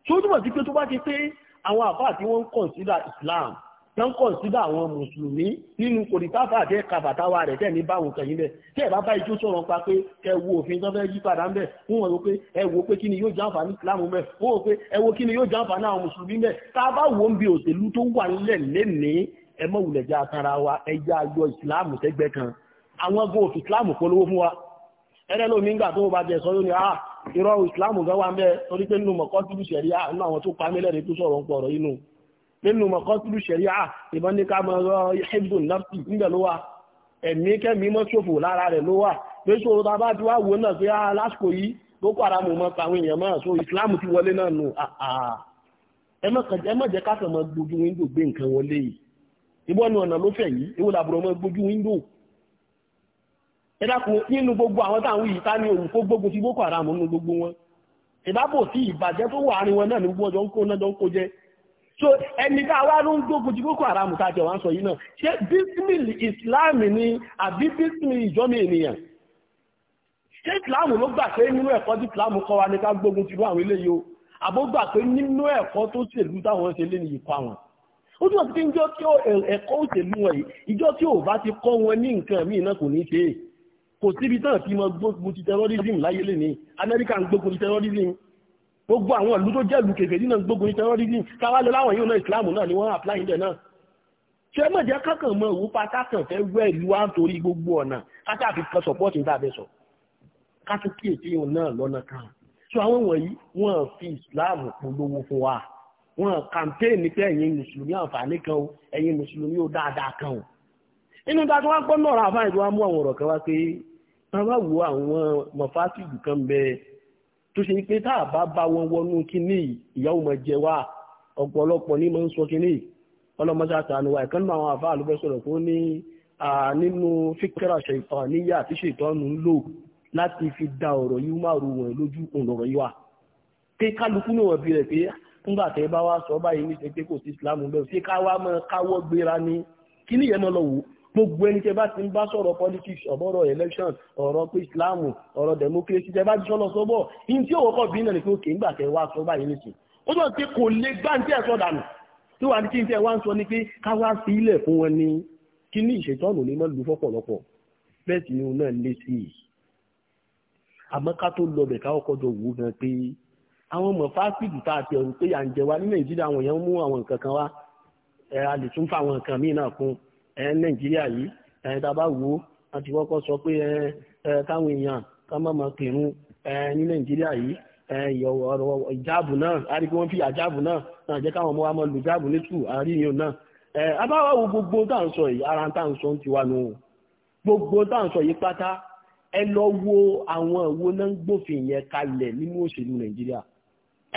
tí ó túmọ̀ sí pé tó bá ti pé àwọn àfáà tí wọ́n ń kọ̀nsídà Islam tó ń kọ̀nsídà àwọn mùsùlùmí nínú kò dì táfà àti ẹ̀ka bàtàwà rẹ̀ tẹ̀ ní báwọn kan yín bẹ̀ tẹ́ ẹ̀ bá bá ijó sọ̀rọ̀ pa pé ẹ wo òfin tó fẹ́ yí padà ń bẹ̀ wọ́n rò pé ẹ wo pé kí ni yóò jàǹfà ní Islam mẹ́ wọ́n rò pé ẹ wo kí ni yóò jàǹfà ní àwọn mùsùlùmí mẹ́ tá a bá wo ń bi òṣèlú tó wà nílẹ̀ lénìí ẹ mọ̀ wùlẹ̀ jẹ́ atara wa ẹ jẹ́ ayọ̀ ìsìláàmù sẹ́gbẹ́ kan àwọn gbọ́ òfin ìsìláàmù polówó fún wa ẹ̀rẹ́ lómi ńgbà tó bá jẹ sọ yóò ní à ah, irọ́ ìsìláàmù gan wa ń bẹ torí pé nínú mọ̀kọ́ tìlú sẹ̀rí à nínú àwọn tó pa mí lẹ́rìí tó sọ̀rọ̀ ń pọ̀rọ̀ inú nínú mọ̀kọ́ tìlú sẹ̀rí à ìbọn ní ká mọ ẹ̀bù nọ́ọ̀tì níbẹ̀ ló wà ẹ̀mí kẹ́mi mọ́ ṣòfò lára rẹ̀ ló wà pé sọ̀rọ̀ tá a bá ti wá wò náà pé á ah, lásìkò yìí boko haram mọ àwọn èèyàn mọ so islam ti wọlé náà nù ah, ẹ má jẹ́ ká sọ mọ gbogbo windo gbé nǹkan wọlé yìí ìbọn ní ọ̀nà ló fẹ̀ yìí ewu làbúrò mọ́ gbójú wíńdò ẹ dákun nínú gbogbo àwọn táwọn yìí tá ní òun kó gbógun ti boko haram nínú gbogbo wọn ìbábò tí ìbàjẹ́ tó wà àárín wọn náà ní gbogbo ọjọ́ ń kó náà jọ ń kó jẹ́ so ẹni tá a wá ló ń gbógun ti boko haram tá a jẹ wá ń sọ yìí náà ṣé bísímìlì ìsìláàmù ni àbí bísímìlì ìjọ́mi ènìyàn ṣé ìsìláàmù ló gbà pé nínú ẹ̀kọ́ tí ìsìláàmù kọ́ táwọn ṣe lé ní ìkọ́ àwọn ó túnbọ̀ sí pé ìjọ tí ẹ̀kọ́ òṣèlú wọn yìí ìjọ tí ò bá ti kọ́ wọn ní nǹkan míì náà kò ní ṣe é kò síbi tán tí mo gbógun ti terrorism láyé lè ní Amẹ́ríkà ń gbógun ti terrorism gbogbo àwọn ìlú tó jẹ́ ìlú kèfèrí náà ń gbógun ti terrorism káwá lọ láwọn yóò náà Islam náà ni wọ́n apply ibẹ̀ náà ṣé mọ̀ jẹ́ kankan mọ òwú pátákàn fẹ́ wẹ́ ìlú wa nítorí gbogbo ọ̀nà káta fi kan support ní tàbí sọ ká tún kíyèsí òun náà lọ́nà kan so àwọn wọ̀nyí wọ́n fi Islam polówó fún wa wọn kàmpéènì pé ẹ̀yin mùsùlùmí àǹfààní kan o ẹ̀yin mùsùlùmí ó dáadáa kan o inú ta tí wọ́n gbọ́ náà ráfà ìlú wa mú àwọn ọ̀rọ̀ kan wá pé wọ́n bá wo àwọn mọ̀fásìlù kan bẹ tó ṣe pé tá a bá bá wọn wọnú kínní ìyàwó mọ̀ jẹ wá ọ̀pọ̀lọpọ̀ ní mọ̀ ń sọ kínní ọlọ́mọdé àtàánú wa ìkànnì àwọn àfáà ló fẹ́ sọ̀rọ̀ tó ní nínú fíkẹ́rà ṣètọ́ níyà àti ṣètọ́nù ń lò láti fi da ọ̀rọ̀ yìí máa ro wọn lójú òǹrọ̀ yìí wa pé kálukú náà wọ̀ bí rẹ̀ pé nígbà tẹ́ bá wá sọ báyìí ní ṣe pé kò sí islam bẹ́ẹ̀ ṣé ká wá mọ káwọ́ gbéra ni kí ni ìyẹn lọ wò gbogbo ẹni tẹ́ bá ti ń bá sọ̀rọ̀ politics ọ̀bọ̀rọ̀ election ọ̀rọ̀ pé islam ọ̀rọ̀ democracy tẹ́ bá ti sọlọ sọ́bọ̀ yín tí òwò kọ̀ bí náà ni pé òkè ńgbà tẹ́ wá sọ báyìí nìsín ó sọ pé kò lè gbá ní tẹ́ sọ dànù tí wàá ní kí n tẹ́ wá ń sọ ni pé ká wá sí ilẹ̀ fún wọn ni kí ní ìṣètọ́nù ní mọ́lù fọ́pọ̀lọpọ̀ bẹ́ẹ̀ sì ni òun náà lé sí i àmọ́ ká tó lọ bẹ̀ ká ọkọ̀ wò ó pé àwọn mọ̀fásìlì tá a ti ẹ̀rù pé à ń jẹ wá ní nàìjíríà àwọn èèyàn mú àwọn nǹkan kan wá ẹ̀ a lè tún fa àwọn nǹkan míì náà kún ẹ̀ nàìjíríà yìí ẹ̀ tá a bá wò ó wọ́n ti kọ́kọ́ sọ pé ẹ̀ káwọn èèyàn ká má máa kírun ẹ̀ ní nàìjíríà yìí ẹ̀ ìjáàbù náà a rí i pé wọ́n fi àjáàbù náà náà jẹ́ káwọn ọmọ wa máa lù jáàbù ní tù àríyìn náà ẹ̀ abáwá wo gbogbo tá à ń sọ yìí ara tá à ń sọ ń ti wá nù gbogbo tá à ń sọ yìí pátá ẹ lọ wo àwọn ìwo náà ń gbòfin yẹn kalẹ̀ nínú òṣèlú nàìjíríà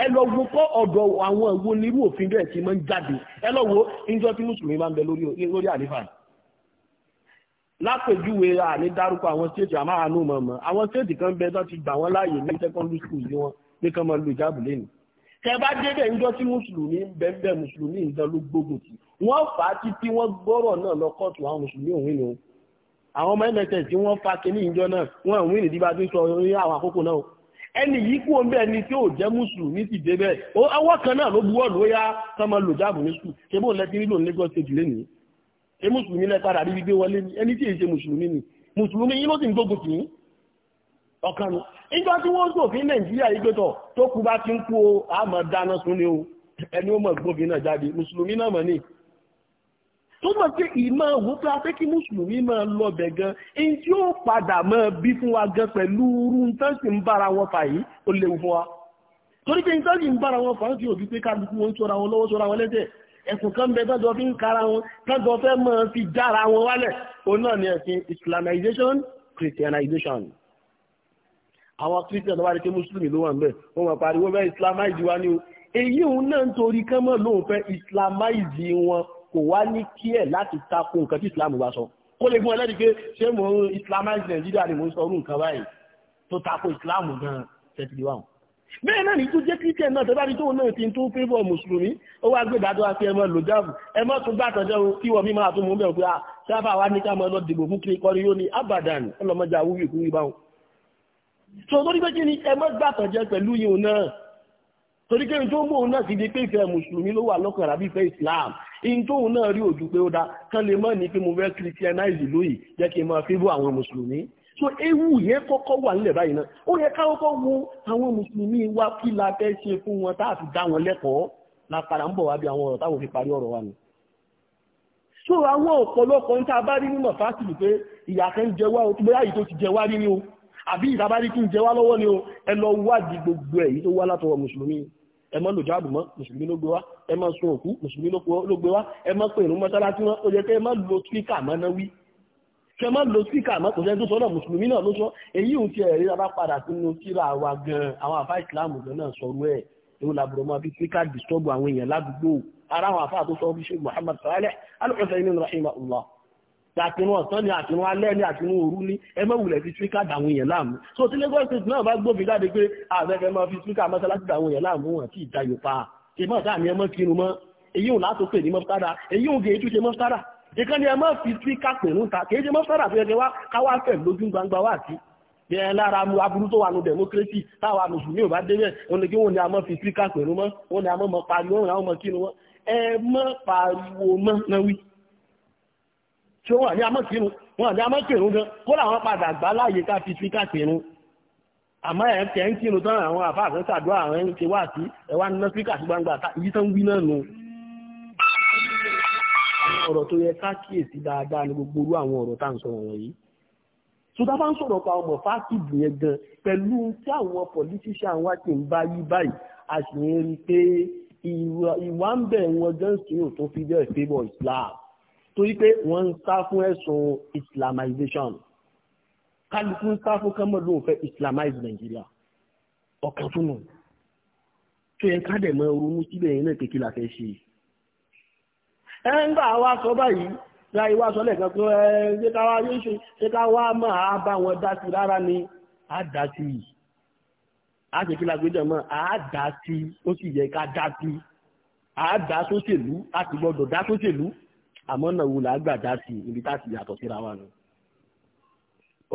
ẹ lọ wo kọ́ ọ̀dọ̀ àwọn ìwo nírú òfin bẹ́ẹ̀ tí máa ń jáde ẹ lọ wo ìjọ tí mùsùlùmí máa ń bẹ lórí àlífà lápèjúwe àní dárúkọ àwọn stéètì àmáhàánú mọ̀mọ́ àwọn stéètì kan bẹ tó ti gbà wọ́n láàyè ní secondary school yìí wọ́n pé kán máa lu ìjáàbù lẹ́nu tẹ bá débẹ̀ ńjọ́ tí mùsùlùmí bẹ́ẹ̀ mùsùlùmí nǹkan ló gbógun tì wọ́n fà á títí wọ́n gbọ́rọ̀ náà lọ kóòtù àwọn mùsùlùmí òun ni àwọn ọmọ mss tí wọ́n fa kínní ìjọ náà wọ́n òun ní ìdíbàdí sọ orí àwọn àkókò náà ẹni yìí kú ọmọ ẹni tí ó jẹ́ mùsùlùmí ti dé bẹ́ẹ̀ ọwọ́ kan náà ló buwọ́ ló yá sọmọ lò jáàbù ní sùkúù ṣé bóun lẹ́tí nílò ní Lagos state lẹ́nìí ṣé mùsùlùmí lẹ́ padà rí gbígbé wọlé ni ẹni tí èyí ṣe mùsùlùmí ni mùsùlùmí yìí ló sì ń gbógun tì í ọ̀kan ìjọ tí wọ́n sòfin Nàìjíríà yìí gbẹ́tọ̀ tó kú bá ti ń kú o àmọ́ dáná sún ni o ẹni ó mọ̀ gbógun náà jáde mùsùlùmí náà mọ̀ ní tó mọ̀ pé ìmọ̀ òun tó a fẹ́ kí mùsùlùmí máa lọbẹ̀ gan ẹni tí ó padà máa bí fún wa gan pẹ̀lú irú nǹkan sì ń bára wọn fà yìí ó léwu fún wa torí pé nǹkan sì ń bára wọn fà ń fi òbí pé kálukú wọn sọra wọn lọ́wọ́ sọra wọn lẹ́sẹ̀ ẹ̀sùn kan bẹ tọ́jọ́ fi ń kara wọn tọ́jọ́ fẹ́ máa fi jára wọn wálẹ̀ òun náà ni ẹ̀sìn Islamization Christianization àwọn Christian wá rí pé mùsùlùmí ló wà ń bẹ̀ wọ́n máa pariwo bẹ́ẹ̀ Islamize wa ni o èyí òun náà ń torí kán mọ́ lóun fẹ́ Islamize wọn kò wá ní kí ẹ̀ láti tako nǹkan tí islam bá sọ kó lè fún ẹ lẹ́dí pé ṣé mo ń islamize Nigeria ni mo ń sọ orú nǹkan báyìí tó tako islam gan tẹ́tìlì wà bẹ́ẹ̀ náà ní tó jẹ́ christian náà tẹ́ bá ní tó náà ti ń tó favour mùsùlùmí ó wá gbé ìdájọ́ àti ẹmọ lòjáàbù ẹmọ tó gbà tọ́jọ́ kí wọ́n mímọ́ àtúmọ̀ bẹ̀rù pé sáfà ah, wá ní ká lọ dìbò fún kiri kọrin yóò ní abadan ọlọmọjà wúwì kúrú báwọn. tó lórí pé kí ni ẹmọ gbà tọ́jọ́ pẹ̀lú yìí náà torí kí n tó mú òun náà ti di pé ìfẹ́ mùsùlùmí ló wà lọ́kàn àbí ìfẹ́ islam in tó òun náà rí òjú pé ó dá kán lè mọ́ ní pé mo fẹ́ christianize lóyìí jẹ́ kí n máa fíbọ̀ àwọn mùsùlùmí so ewu yẹn kọ́kọ́ wà nílẹ̀ báyìí náà ó yẹ ká kọ́kọ́ wo àwọn mùsùlùmí wa kí la fẹ́ ṣe fún wọn tá a fi dá wọn lẹ́kọ̀ọ́ la padà ń bọ̀ wá bí àwọn ọ̀rọ̀ táwọn fi parí ọ̀rọ̀ wa ni so àwọn ọ̀pọ̀lọpọ̀ ń tá bá rí nínú fásitì pé ìyà kan jẹ wá bóyá yìí tó ti jẹ wá rí ni o àbí ìtàbárikún jẹ wá lọ́wọ́ ni o ẹ lọ wádìí gbogbo èyí tó wá látọwọ́ mùsùlùmí ẹ má lò jáàbù mọ́ mùsùlùmí ló gbé wá ẹ má sun òkú mùsùlùmí ló gbé wá ẹ má pè ní mọ́sálásí wọn ó yẹ kẹ́ ẹ má lo spíkà mọ́ náà wí kẹ́ ẹ má lo spíkà mọ́ kò sẹ́ni tó sọ náà mùsùlùmí náà ló sọ èyí ò ti ẹ̀rí ra bá padà sínú síra wa gan àwọn àfa ìsìláàmù gan náà sọ̀rọ̀ ẹ̀ òun làbùrọ̀ mọ́ fi spíkà disturb àwọn èèyàn ládùúgbò ara àwọn àfa àtúnṣe Sheikh àtinú ọ̀sán ni àtinú alẹ́ ni àtinú òru ni ẹmọ́wùlẹ̀ fi tíríkà dàwọn èèyàn láàmú so tí Lagos state náà bá gbófin jáde pé àfẹ́fẹ́ máa fi tíríkà mọ́sálásí dàwọn èèyàn láàmú wọn kì í dayò pa ìmọ̀ sáà ni ẹmọ́ kinu mọ́ èyí ò látò pè ní mọ́sálásí èyí ò gèé e túnṣe mọ́sálásí ìkan ni ẹmọ́ fi tíríkà pẹ̀lú ta kì í ṣe mọ́sálásí fi ẹgbẹ́ wá káwá fẹ̀ lójú gbangba wá sí yẹn lára mu aburú tó wà nù democracy táwa mùsùlùmí ò bá débẹ̀ òun ni kí wọn ni a mọ̀ fi tíríkà pẹ̀lú mọ́ òun ni a mọ̀ pariwo òun ni a mọ̀ kinu mọ́ ẹ mọ̀ pariwo mọ́ náà tí wọ́n àní amọ́kìrún wọ́n àní amọ́kìrún gan kó làwọn padà gbá láàyè ká fi fi káàkiri àmọ́ ẹ̀ tẹ̀ ń kírun tán àwọn àfáà kan ṣàdúrà àwọn ẹni ṣe wá sí ẹ wá ná síkà sí gbangba yìí tán wí náà nù. ọ̀rọ̀ tó yẹ ká dáadáa ni gbogbo orú àwọn ọ̀rọ̀ tá à ń sọ̀rọ̀ wọ̀nyí. sọdá bá ń sọ̀rọ̀ pa ọmọ fásitì yẹn gan pẹ̀lú tí àwọn politician wá ti ń bá yí báyìí a sì ń rí i pé ìwà ń bẹ̀ wọn gan sí òtún fi bẹ́ẹ̀ favour Islam torí pé wọ́n ń sá fún ẹ̀sùn islamization kálukú ń sá fún kánmọ́ fẹ́ islamize Nàìjíríà ọ̀kan fún nù tó yẹ ká dẹ̀ mọ ronú síbẹ̀ yẹn náà kékeré la fẹ́ ṣe ẹ ń gbà wá sọ báyìí ra ìwà sọ lẹ́ẹ̀kan pé ẹ ṣé ká wá yóò ṣe ṣé ká wá máa bá wọn dá sí rárá ni á dá sí yìí á ṣe kí la mọ́ á dá sí ó sì yẹ ká dá sí á dá sóṣèlú á sì gbọ́dọ̀ dá sóṣèlú àmọ́ náà wò lágbàdá sí ibi tá a sì yàtọ̀ síra wa nù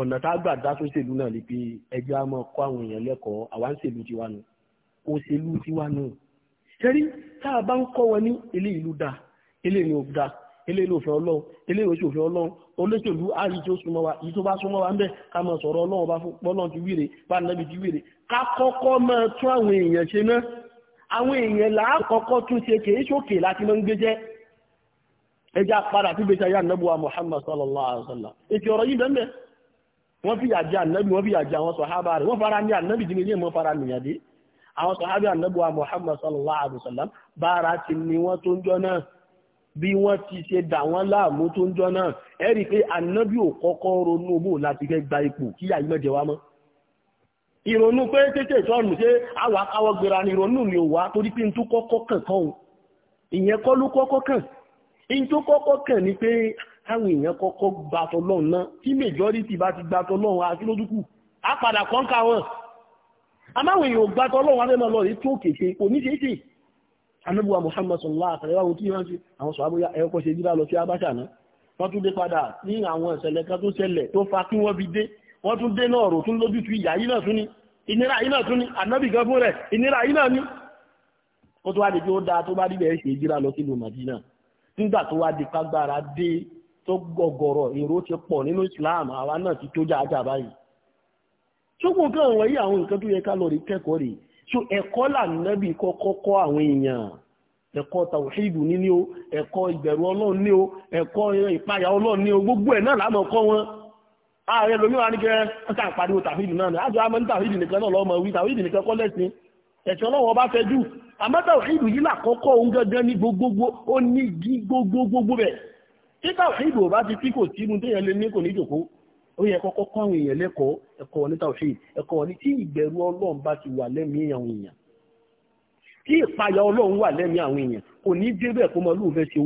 ọ̀nà tá a gbà dá tó ṣèlú náà ni pé ẹjọ́ á máa kọ́ àwọn èèyàn lẹ́kọ̀ọ́ àwa ń ṣèlú tiwa nù òṣèlú tiwa nù ṣẹ́rí tá a bá ń kọ́ wọn ní ilé ìlú da ilé ìlú da ilé ìlú òfin ọlọ́run ilé ìlú òṣèlú ọlọ́run olóṣèlú ààyè tó súnmọ́ wa yìí tó bá súnmọ́ wa ń bẹ̀ ká máa sọ̀rọ̀ ọlọ́run bá fún pọ́lọ́n ẹjá padà tí gbèsè ya nàbùwà Muhammad sallallahu alaihi wa sallam ìkì ọ̀rọ̀ yìí fi yàjẹ ànábì wọ́n fi yàjẹ àwọn sọ̀hábà rẹ̀ wọ́n fara ní ànábì tí nìyẹn wọ́n fara nìyàn dé àwọn sọ̀hábà ànábùwà Muhammad sallallahu wa sallam bára ti ní wọ́n tó ń jọ bí wọ́n ti ṣe dà wọ́n láàmú tó ń ẹ rí i pé ànábì ò kọ́kọ́ ronú bò láti fẹ́ gba ipò kí mẹ́jẹ wá mọ́ ìrònú pé tètè in tó kọ́kọ́ kàn ní pé àwọn èèyàn kọ́kọ́ gba tọlọ́run náà tí majority bá ti gba tọlọ́run àti lójúkù á padà kọ́ńkà wọn amáwọn èèyàn gba tọlọ́run abẹ́mọ̀ lọ rí tó kèké kò ní ṣeéṣe anábùwà Muhammad sallallahu alaihi wasallam tí wọ́n ti àwọn sọ abúlé ẹ̀kọ́ ṣe dídá lọ sí abáṣà náà wọ́n tún dé padà ní àwọn ìṣẹ̀lẹ̀ kan tó ṣẹlẹ̀ tó fa kí wọ́n fi dé wọ́n tún dé náà rò tún lójútu ìyá yìí náà nígbà tó wá di kágbára dé tó gọ̀gọ̀rọ̀ èrò ti pọ̀ nínú Islam àwa náà ti tó jáàjà báyìí ṣógun nǹkan àwọn yìí àwọn nǹkan tó yẹ ká lọ rí rè so ẹ̀kọ́ la kọ́kọ́ kọ́ àwọn èèyàn ẹ̀kọ́ tàwùsíìdù níní o ẹkọ ní o ìpayà ní o gbogbo ẹ̀ náà lámọ̀ wọn ààrẹ wa pariwo ẹ̀sìn ọlọ́wọ́ bá fẹ́ jù àmọ́tà òhìdù yìí làkọ́kọ́ òun gangan ní gbogbogbò ó ní gí gbogbogbò bẹ̀ títà òhìdù ò bá ti tí kò tí mu téèyàn lé ní kò ní jòkó ó yẹ kọ́kọ́ kọ́ àwọn èèyàn lẹ́kọ̀ọ́ ẹ̀kọ́ níta òhìdù ẹ̀kọ́ ní tí ìbẹ̀rù ọlọ́run bá ti wà lẹ́mìí àwọn èèyàn tí ìpayà ọlọ́run wà lẹ́mìí àwọn èèyàn kò ní débẹ̀ kó mọ lóòfẹ́ ṣe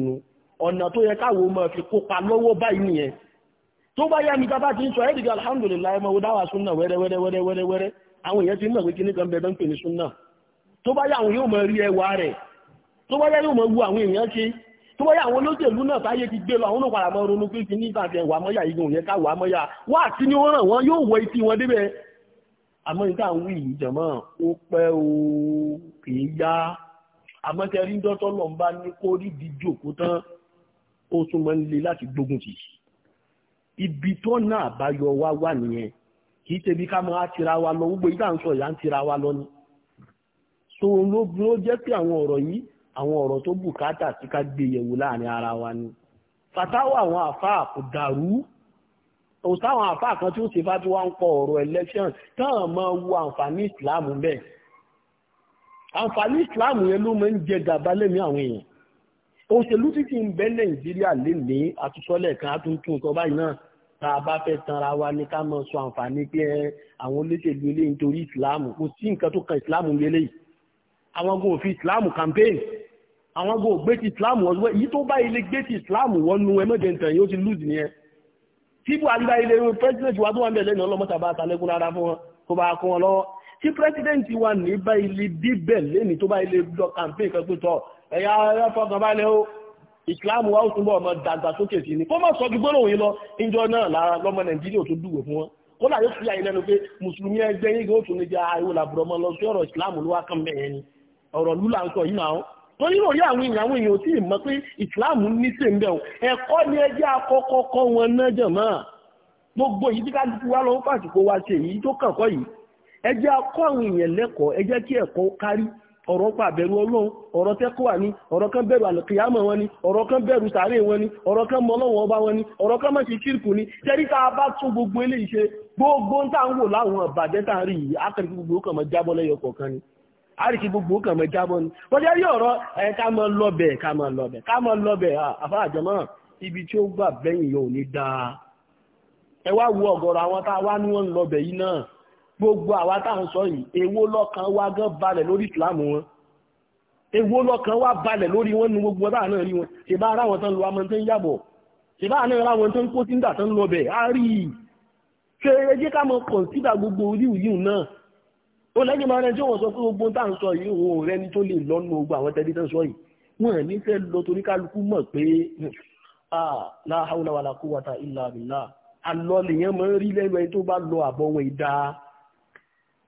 owó òlú ọ̀nà tó yẹ káwò mọ̀ fi kópa lọ́wọ́ báyìí nìyẹn tó bá yá mi bàbá ti ń sọ ẹ́dìgbà alhamdulillah ẹmọ wo dáwà súnà wẹ́rẹ́wẹ́rẹ́wẹ́rẹ́ àwọn èèyàn ti mọ̀ pé kíní kan bẹ̀rẹ̀ ń pè ní súnà tó bá yá àwọn yóò mọ̀ rí ẹwà rẹ̀ tó bá yá yóò mọ̀ wu àwọn èèyàn ṣe tó bá yá àwọn olóṣèlú náà táyé ti ó tún máa ń le láti gbógun tì ibi tó náà àbáyọ wá wà nìyẹn kì í tẹbi ká máa tira wa lọ gbogbo ìgbà ń sọ ìyá ń tira wa lọ ni so ló ló jẹ́ pé àwọn ọ̀rọ̀ yìí àwọn ọ̀rọ̀ tó bùkátà sí ká gbé yẹ̀wò láàrin ara wa ni fatawa àwọn àfáà kò dàrú òsáwọn àfáà kan tí ó ṣe fájú wá ń kọ ọ̀rọ̀ election táwọn máa wo àǹfààní ìsìláàmù bẹ́ẹ̀ àǹfààní ìsìláàmù yẹn ló máa ń jẹ gàba lẹ́mìí àwọn èèyàn òṣèlú tí kì í bẹ nàìjíríà lénìí àtúnṣọlẹ̀ kan àtúntún nǹkan báyìí náà tá a bá fẹ́ tanra wa ní ká máa sọ àǹfààní pé àwọn olóṣèlú ilé nítorí ìsìláàmù kò sí nǹkan tó kan ìsìláàmù lélẹ̀ yìí àwọn ago òfin ìsìláàmù campaign àwọn ago ògbé ti ìsìláàmù wọ́n wẹ́ èyí tó bá ilé gbé ti ìsìláàmù wọ́n nu ẹmọ́jẹ̀ntàn yóò ti lùdì nìyẹn tí Buhari bá ilé pẹ́sidẹ̀ntì wa tó wà ń bẹ̀ lẹ́nu ọlọ́mọ́ta bá talẹ́kùn rárá fún wọn kó bá kún wọn lọ́wọ́ ní bá ilé díbẹ̀ lẹ́ni tó bá ilé lọ campaign kan pé tọ́ ẹ̀yà ẹ̀fọ́gànbalẹ̀ o islamu wa ó túnbọ̀ ọmọ dàgbàsókè sí ni kó má sọ lọ ìjọ náà lára lọ́mọ nàìjíríà tó dùwò fún wọn kódà yóò fi àyè lẹ́nu pé mùsùlùmí ẹgbẹ́ yìí ó tún ní ja àìwò làbúrò ọmọ lọ sí ọ̀rọ̀ ìsìláàmù ló wá kàn bẹ́ẹ̀ ni ọ̀rọ̀ lúlà ń sọ yìí náà torí lórí àwọn èèyàn àwọn èèyàn tí ì ni akọ́kọ́ kọ́ wọn náà jẹ̀ gbogbo yìí tí ká wá ọ̀rọ̀ pa àbẹ̀rù ọlọ́run ọ̀rọ̀ tẹ́kọ̀ wà ní ọ̀rọ̀ kan bẹ̀rù àlùkìyàmọ̀ wọn ni ọ̀rọ̀ kan bẹ̀rù sàárè wọn ni ọ̀rọ̀ kan ọba wọn ni ọ̀rọ̀ kan gbogbo gbogbo ń tà ń wò láwọn tá rí yìí gbogbo kan jábọ́ ni gbogbo kan jábọ́ ibi tí ó gbà bẹ́yìn dáa ẹ wá wo ọ̀gọ̀rọ̀ àwọn tá gbogbo àwa táwọn sọ yìí èwo lọ́kàn wa gan balẹ̀ lórí ìsìláàmù wọn èwo lọ́kàn wa balẹ̀ lórí wọn nu gbogbo ọba náà rí wọn ṣèbá ara wọn tán lọ amọ̀ tán yàbọ̀ ṣèbá náà ara tán kó síndà tán lọ bẹ̀ á rí i ṣe eré ká mọ kọ̀ǹsídà gbogbo oríwù yìí náà ó lẹ́yìn máa rẹ tí wọ́n sọ pé gbogbo táwọn sọ yìí òun rẹ ni tó lè lọ́nu gbogbo àwọn tẹ́lẹ̀ tán sọ yìí wọn ní fẹ́ lọ torí kálukú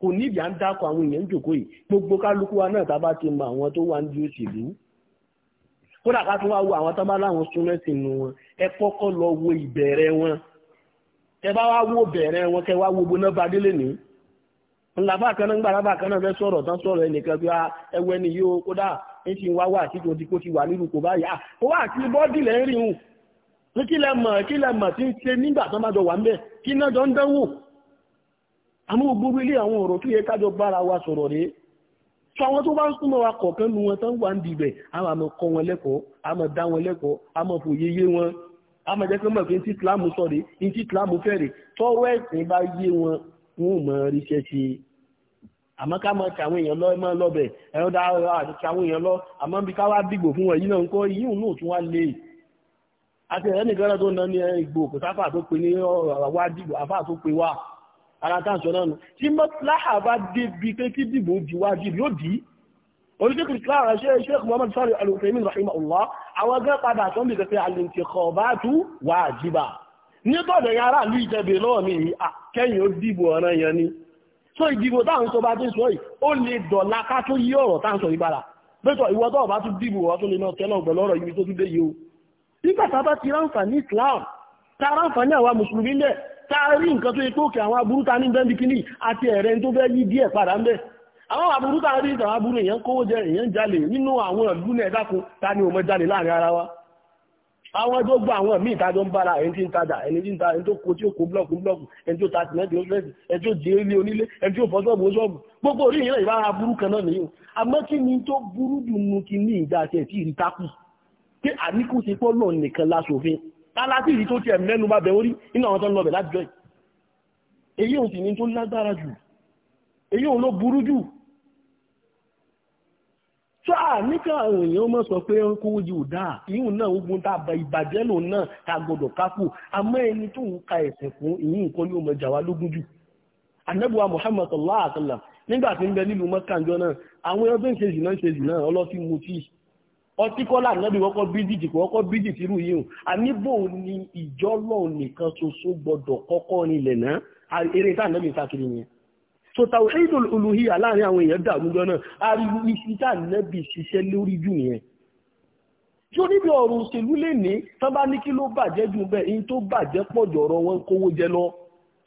kò ní ìyá ń dákọ̀ àwọn èèyàn jòkó yìí gbogbo kálukú wa náà tábà ti mọ àwọn tó wà ní òṣèlú kódà ká tún wá wo àwọn tábà láwọn súnmẹ́sì nu wọn ẹ kọ́kọ́ lọ wo ìbẹ̀rẹ̀ wọn tẹ bá wá wo bẹ̀rẹ̀ wọn kẹ wá wo gbóná ba délé ní ńlá bá kan náà ń gbàdá bá kan náà fẹ́ sọ̀rọ̀ tán sọ̀rọ̀ ẹnìkan bí ẹwẹ́ ni yóò kódà ń fi wá wá àtìkò tí kò ti wà nílùú kò báyìí à kó wá àti bọ́ọ̀dì lẹ́rìn-ín kí lẹ mọ̀ kí lẹ mọ̀ tí ń ṣe nígbà tán bá jọ wà ń bẹ̀ kí náà jọ ń dánwò àmọ́ gbogbo ilé àwọn ọ̀rọ̀ tó yẹ kájọ bára wa sọ̀rọ̀ rèé tí àwọn tó bá ń súnmọ́ wa kọ̀ọ̀kan nu wọn tán wà ń dìbẹ̀ a máa mọ kọ́ wọn lẹ́kọ̀ọ́ a máa dá wọn lẹ́kọ̀ọ́ a máa fòye yé wọn a máa jẹ́ pé mọ̀ pé ní tí Islam sọ rèé ní tí Islam fẹ́ rèé tọ́rọ ẹ̀sìn bá yé wọn wọn ò mọ ríṣẹ́ ṣe àmọ́ ká máa ti àwọn èèyàn lọ máa lọ́bẹ̀ ẹ̀rọ dá àti àti ẹ̀rẹ́ nìkan náà tó ń ná ní ìgbò kò sáfà tó pe ní àwa dìgbò àfà tó pe wá ara táǹsọ náà nù tí mọ́tìláhà bá débi pé kí dìbò di wájú yóò dì í oníṣègùn islam ṣe sheikh muhammad sari al-uthaymin rahimahullah àwọn gẹ́ padà tó ń bèèrè pé al-intikhobatu wajiba nígbọ̀dọ̀ yẹn aráàlú ìjẹbẹ̀ lọ́wọ́ mi yìí kẹ́yìn ó dìbò ọ̀ràn yẹn ni so ìdìbò táwọn sọ bá ti sọ yìí ó lè dọ̀la ká tó yí ọ̀rọ̀ táwọn sọ yìí padà bẹ́tọ̀ ní islam táàrí nǹkan tó yẹ kó kẹ àwọn aburú ta ní bẹ́ẹ̀bí kìíní àti ẹ̀rẹ́ tó fẹ́ yí díẹ̀ padà ń bẹ̀ àwọn aburú ta rí ìtàwọn aburú èèyàn kówó jẹ èèyàn jalè nínú àwọn ìlú náà dákun ta ni òmọ jalè láàrin ara wa àwọn tó gbọ́ àwọn míì ìtajọ ń bára ẹni tí ń tajà ẹni tí ń ta ẹni tó kó tí ó kó blọọkù blọọkù ẹni tó ta tìmẹ́tì lọ́sẹ̀sì ẹni tó jẹ́ ilé onílé ẹni tó fọ́ sọ́ọ̀bù sọ́ọ̀bù gbogbo orí ìyẹn ìbára aburú kan náà nìyẹn àmọ́ kí ni tó burú dùn nu kí ní ìdá àti ẹ̀tí ìrìtákù pé àníkù ti pọ́ lọ́ọ̀ nìkan láṣòfin tálátì yìí tó tiẹ̀ mẹ́nu bá bẹ̀ orí nínú àwọn tó ń lọbẹ̀ láti jọ yìí èyí òun sì ní tó lágbára jù èyí òun ló burú jù tó à níkà àwọn èèyàn mọ́ sọ pé ń kówó jù dáa ìyún náà ogun tá ìbàjẹ́ lòun náà ta gbọdọ̀ kápò àmọ́ ẹni tó ń ka ẹ̀sẹ̀ fún ìyún nǹkan ní ọmọ ìjàwá lógún jù anábùwà Muhammad sallallahu alaihi nígbà tí ń bẹ nílùú mọ́kànjọ́ náà àwọn ẹgbẹ́ ń náà ń náà ọlọ́tí mutí ọtí kọ́lá náà bí wọ́kọ́ bíríjì kò wọ́kọ́ bíríjì tìrú yìí àníbò ni ìjọ́lọ̀ nìkan soso gbọ́dọ̀ kọ́kọ́ nílẹ̀ náà eré tá ànábì sákiri yẹn so tawhidul uluhiyya láàrin àwọn èèyàn dàrú jọ náà ariwo iṣẹ́ tá ànábì ṣiṣẹ́ lórí jù yẹn tí ó níbi ọ̀rọ̀ òṣèlú lè ní tán bá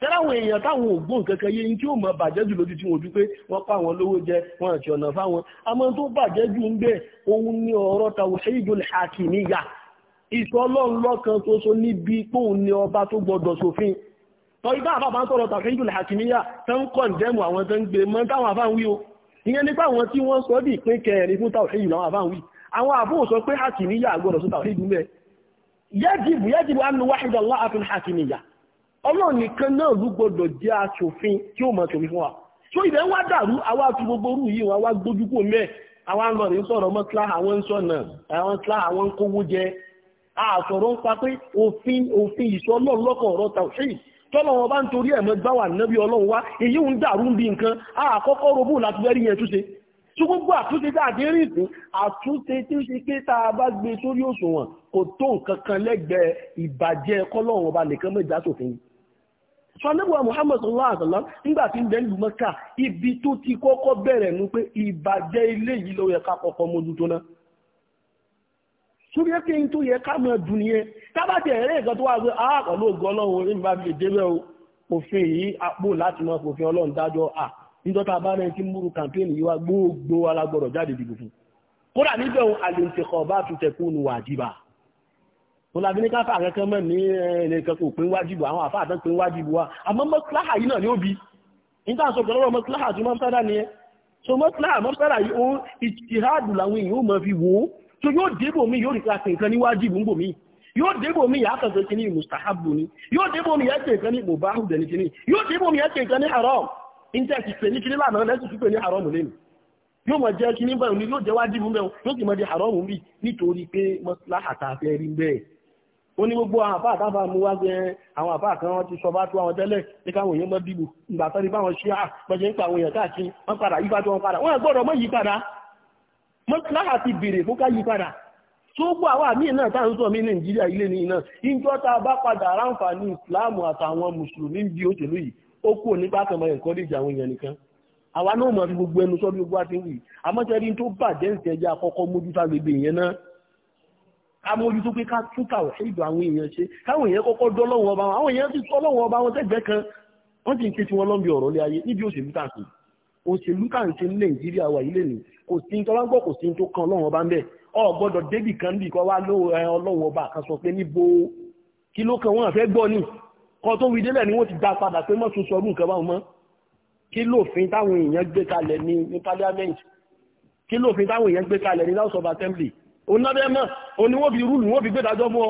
tẹ́láwọn èèyàn táwọn ògbón kankan yé ní tí ó mọ̀ bàjẹ́ jù lójú tí wọ́n ojú pé wọ́n pa àwọn olówó jẹ wọ́n àti ọ̀nà fáwọn àmọ́ tó bàjẹ́ jù ń bẹ̀ òun ní ọ̀rọ̀ tawhidul hakimiyya ìsọlọ́run lọ́kan ṣoṣo níbi póun ní ọba tó gbọdọ̀ sófin tọ́ ibá àbábá ń sọ̀rọ̀ tawhidul hakimiyya tó ń kọ̀ dẹ́mu àwọn tó ń gbé mọ́ táwọn àfáà ń wí ọlọ́run nìkan náà ló gbọdọ̀ jẹ́ aṣòfin tí ó mọ̀ tòmí fún wa tó ilẹ̀ wá dàrú àwa fi gbogbo orú yìí wọn wá gbójú kò mẹ́ àwa ń lọ rí sọ̀rọ̀ mọ́ kílá àwọn ń sọ̀nà àwọn kílá àwọn ń kówó jẹ àsọ̀rọ̀ ń pa pé òfin òfin ìṣọ́ ọlọ́run lọ́kàn ọ̀rọ̀ tàwùsí tọ́lọ̀ wọn bá ń torí ẹ̀mọ́ gbá wà nábì ọlọ́run wá èyí ń dàrú bí nǹkan àkọ́kọ́ robó láti wẹ́rí yẹn túnṣe tí gbogbo àtúnṣe tí àdéhùn ìsìn àtúnṣe tí ó ṣe pé tá a bá gbé sórí òṣùwọ̀n kò tó nǹkan kan lẹ́gbẹ̀ẹ́ ìbàjẹ́ kọ́lọ́run ọba nìkan mẹ́jà sófin yìí sọ́nẹ́bùwà Muhammad sallallahu alaihi wasallam nígbà tí ń bẹ nílùú Mẹ́kà ibi tó ti kọ́kọ́ bẹ̀rẹ̀ nú pé ìbàjẹ́ ilé yìí ló yẹ ká kọ́kọ́ mójútó náà sórí ẹ́kẹ́ yìí tó yẹ ká mọ̀ dùn yẹn tábàtì ẹ̀rẹ́ ìkan tó wà pé a pẹ̀lú ògùn ọlọ́run orí bá fi débẹ̀ òfin yìí apò láti mọ òfin ọlọ́run dájọ́ à níjọ́ta olàbí ní káfà kẹ́kẹ́ mọ́ ní ẹnìkan kò pín wájìbù àwọn àfà àtọ́ pín wájìbù wa àmọ́ mọ́síláhà yìí náà ni ó bí nígbà sọ pẹ̀lọ́rọ̀ mọ́síláhà tí ni ẹ so mọ́síláhà mọ́síláhà yìí ó ìtìhádù làwọn so yóò débò mí yóò rí ká pè nǹkan ní wájìbù ń bò mí yóò débò mí yàá kàn kí ní mustahabu ni yóò débò mubahu dẹni kí ní yóò débò mí yàá kàn kí ní haram níta ti pè ní kí ní lánàá lẹ́sìn tó pè ní haram lẹ́nu yóò mọ̀ jẹ́ kí ní báyìí yóò jẹ́ wájìbù mẹ́wọ̀n yóò sì mọ̀ di haram bí nítorí pé mọ́síláhà tá rí bẹ́ẹ̀ ó ní gbogbo àwọn àfáà táfà mú wá jẹ eh, àwọn àfáà kan wọ́n ti sọ bá tó àwọn tẹ́lẹ̀ ní káwọn èèyàn mọ́ dìbò ìgbà tán ní báwọn ṣe à ah, pẹ̀jẹ̀ ń pa àwọn èèyàn káàkiri wọ́n padà yípa tó wọn padà wọ́n gbọ́dọ̀ mọ́ yí padà mọ́ láhà ti bèrè fún ká yí padà tó gbọ́ àwọn àmì náà tá à ń sọ mí nàìjíríà ilé ní iná ìjọ tá a bá padà ráǹfààní ìsìláàmù àtàwọn mùsùlùmí bí òṣèlú yìí ó kú òní pàtàkì ọmọ ẹ̀kọ́ àwọn èèyàn nìkan àwa náà mọ̀ fi gbogbo ẹnu sọ́dún gbogbo àti wì àmọ́ sẹ́ni tó bàjẹ́ ìṣẹ̀jẹ̀ àkọ́kọ́ mójútó agbègbè yẹn náà amójútó pé ká túkà ìdò àwọn èèyàn ṣe káwọn èèyàn kọ́kọ́ dọ́lọ́wọ́ ọba wọn àwọn èèyàn ti tọ́lọ́wọ́ ọba wọn tẹ́gbẹ́ kan wọ́n ti ń ké tí wọ́n lọ́nbi ọ̀rọ̀ lé ayé níbi òṣèlú tàǹtì òṣèlú tàǹtì ní nàìjíríà wà yìí lẹ́nu kò sí tó lágbọ́ kò sí tó kan ọlọ́wọ́ ọba ń bẹ̀ ọ gbọ́dọ̀ débì kan bí kọ́ wá ọlọ́wọ́ ọba kan sọ pé níbo kí ló kan wọ́n fẹ́ gbọ́ ni kọ́ tó wí délẹ̀ ni wọ́n ti dá padà pé mọ́ tún sọrú nǹkan báwọn mọ́ kí lófin táwọn èèyàn gbé kalẹ̀ ní ní parliament kí lófin táwọn èèyàn gbé kalẹ̀ ní house of assembly onábẹ́mọ̀ oníwọ́bí rúlù wọ́n fi gbé dájọ́ mọ́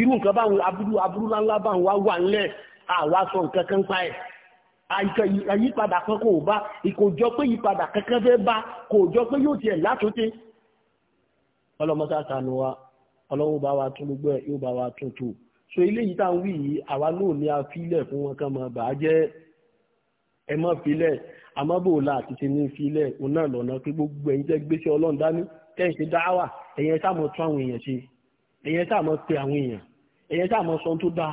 irú nǹkan báwọn aburú aburú láńlá báwọn wá wà ńlẹ̀ àwa sọ nǹkan kan pa ẹ̀ àyípadà kan kò bá kò jọ pé ìpadà kankan fẹ́ bá kò jọ pé yóò tiẹ̀ látúntí ọlọ́mọsá sànù wa ọlọ́wọ́ bá wa tún gbogbo ẹ̀ yóò bá wa tún tù so ilé yìí tá ń wí yìí àwa náà ní a filẹ̀ fún wọn kàn máa bàá jẹ́ ẹ mọ́ filẹ̀ àti ti ní filẹ̀ òun náà lọ́nà pé gbogbo ẹ̀yin jẹ́ gbéṣẹ́ ọlọ́run kẹ́ ẹ̀ ṣe dáwà ẹ̀yẹn tá mọ̀ tún àwọn èèyàn ṣe ẹ̀yẹn tá mọ̀ pe àwọn èèyàn ẹ̀yẹn tá mọ̀ sọ tó dá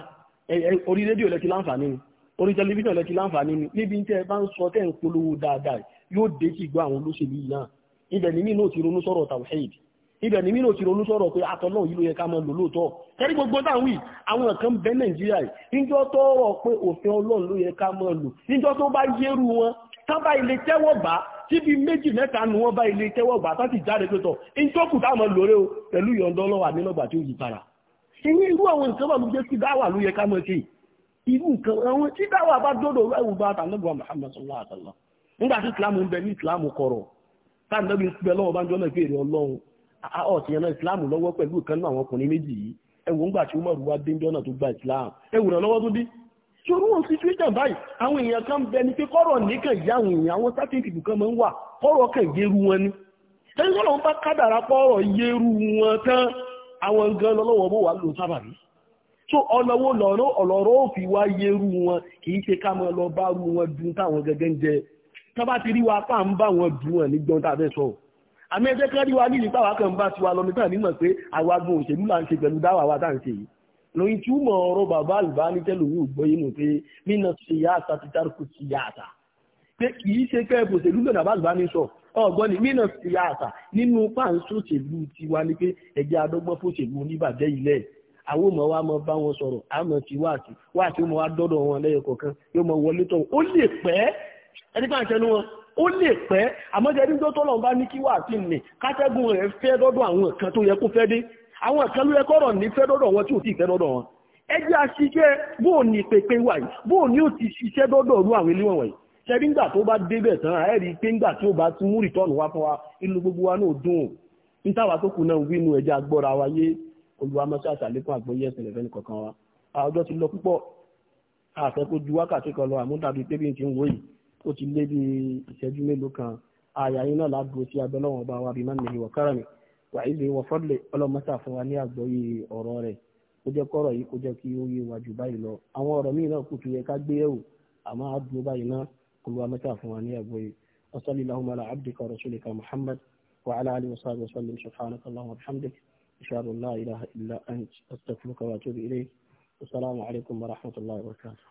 orí rédíò lẹ́ti láǹfààní ni orí tẹlifíṣàn lẹ́ti láǹfààní ni níbi tẹ́ ẹ bá ń sọ tẹ́ ń polówó dáadáa yóò dé sí gbọ́ àwọn olóṣèlú yìí náà ibẹ̀ ni mí náà ti ronú sọ̀rọ̀ tàwíṣẹ́yìd ibẹ̀ ni mí náà ti ronú sọ̀rọ̀ pé atọ́lọ́ yìí ló yẹ ká mọ lò lóòótọ́ kẹ́rí gbogbo táwọn yìí àwọn kan bẹ nàìjíríà yìí níjọ́ tó rọ̀ pé òfin ọlọ́run ló yẹ ká mọ lò níjọ́ tó bá yẹ́rù wọn tábà ilé tẹ́wọ́ gbà tíbi méjì mẹ́ta nu wọ́n bá ilé tẹ́wọ́ gbà tó ti jáde pé tọ̀ ìjókòó táwọn lóore o pẹ̀lú ìyọ̀ǹdọ́ lọ́wọ́ àmínọ́gbà tí ó yí para ìní irú àwọn nǹkan wà ló jẹ́ sí dáwà ló yẹ ká mọ̀ sí irú nǹkan àwọn tí dáwà bá dọ́dọ̀ ẹ̀wù bá tàlẹ́gbà Muhammad sallallahu alaihi wasallam nígbà tí islam ń bẹ ní islam kọ̀rọ̀ táàdọ́gbì ń bẹ lọ́wọ́ bá ń jọ́ náà fèrè ọlọ́run ọ̀sìn yẹn náà islam lọ́wọ́ pẹ̀lú ìkan náà àwọn ọkùnrin méjì yìí ẹ̀wù ńgbà tí Umar wá dé ńjọ́ náà tó gba islam ẹ̀wù náà lọ́wọ́ tó dé ṣòro situation báyìí àwọn èèyàn kan bẹ ni pé kọ́rọ̀ nìkan ìyá àwọn èèyàn àwọn certain people kan máa ń wà kọ́rọ̀ kan yéru wọn ni tẹ́lẹ̀ sọ́nà ń bá kádàrá kọ́rọ̀ yéru wọn tán àwọn gan lọ́wọ́ bó wà ló sábà rí so ọlọ́wọ́ lọ́rọ́ ọ̀lọ́rọ́ ò fi wá yéru wọn kì í ṣe ká máa lọ bá ru wọn dun táwọn gẹ́gẹ́ ń jẹ tó bá ti rí wa pà ń bá wọn dun wọn nígbọ́n tá a fẹ́ sọ àmì ẹgbẹ́ kan rí wa nílùú táwa kan bá tiwa lọ nígbà nímọ̀ pé àwa gun òṣèlú là ń ṣe pẹ̀lú dáwà wa tá à ń ṣe yìí lórí túmọ̀ ọ̀rọ̀ bàbá Albani tẹ́lómi ò gbọ́ yínú pé nínà síyáàsá ti tárùkù síyáàsá pé kìí ṣe pé ẹ̀bùn òṣèlú lọ́nà bàbá Albani sọ ọ̀gbọ́n ni nínà síyáàsá nínú páńsó òṣèlú tiwa ni pé ẹ̀jẹ̀ adọ́gbọ́n fòṣèlú oníbàjẹ́ ilẹ̀ àwọn ọmọ wa máa bá wọn sọ̀rọ̀ àmọ́ ti wáàtí wáàtí ó mọ wá dọ́dọ̀ wọn lẹ́yìn kọ̀ọ̀kan yóò mọ wọlé tọ̀ ó lè pẹ́ ẹni pàǹ tẹnu wọn ó lè pẹ́ àmọ́ jẹ́ nígbà tó lọ́n bá ní kí wáàtí nì kátẹ́gùn rẹ̀ fẹ́ dọ́dọ̀ àwọn nǹkan tó yẹ kó fẹ́ dé àwọn kan ló yẹ kọ́rọ̀ ní fẹ́ dọ́dọ̀ wọn tí ò tí ì fẹ́ dọ́dọ̀ wọn ẹ jẹ́ àṣìṣẹ́ bó ní pépé wà yìí bó ní ó ti ṣiṣẹ́ dọ́dọ̀ ru àwọn ilé wọn wọ̀nyí ṣẹ́bí ńgbà tó bá débẹ̀ tán ẹ̀ rí i pé ńgbà tí ó bá tún mú rìtọ́ọ̀nù wá fún wa inú gbogbo wa náà dùn nítawà tó kù náà wínú ẹja gbọ́ra wa yé olùwàmọ́sá àtàlékún àgbọ́yé ẹ̀sìn ẹ̀fẹ́ nìkọ̀ọ̀kan wa ọjọ́ ti lọ púpọ̀ àfẹ́ kó ju wákàtí kan lọ àmúdàbí pé bí n ti ń wò yìí ó ti lé bí ìṣẹ́jú mélòó kan àyà yín náà ládùú wàhíìlì wọ́fọ́lẹ̀ ọlọ́mọ́sà fún wa ní àgbọ́yé ọ̀rọ̀ rẹ̀ kó jẹ́ kọ́rọ̀ yìí kó jẹ́ kí ó yé wa jù báyìí lọ àwọn ọ̀rọ̀ míì náà kò tún yẹ ká gbé yẹ̀wò àmọ́ á dúró báyìí náà kó lọ́wọ́ mẹ́ta fún wa ní àgbọ́yé ọ̀sọ́lì lahumma ala abdika rasulika muhammad wa ala alihi wa sahbihi wa sallam subhanaka allahumma wa ilaha illa ant astaghfiruka wa atubu ilayk assalamu alaykum wa rahmatullahi wa barakatuh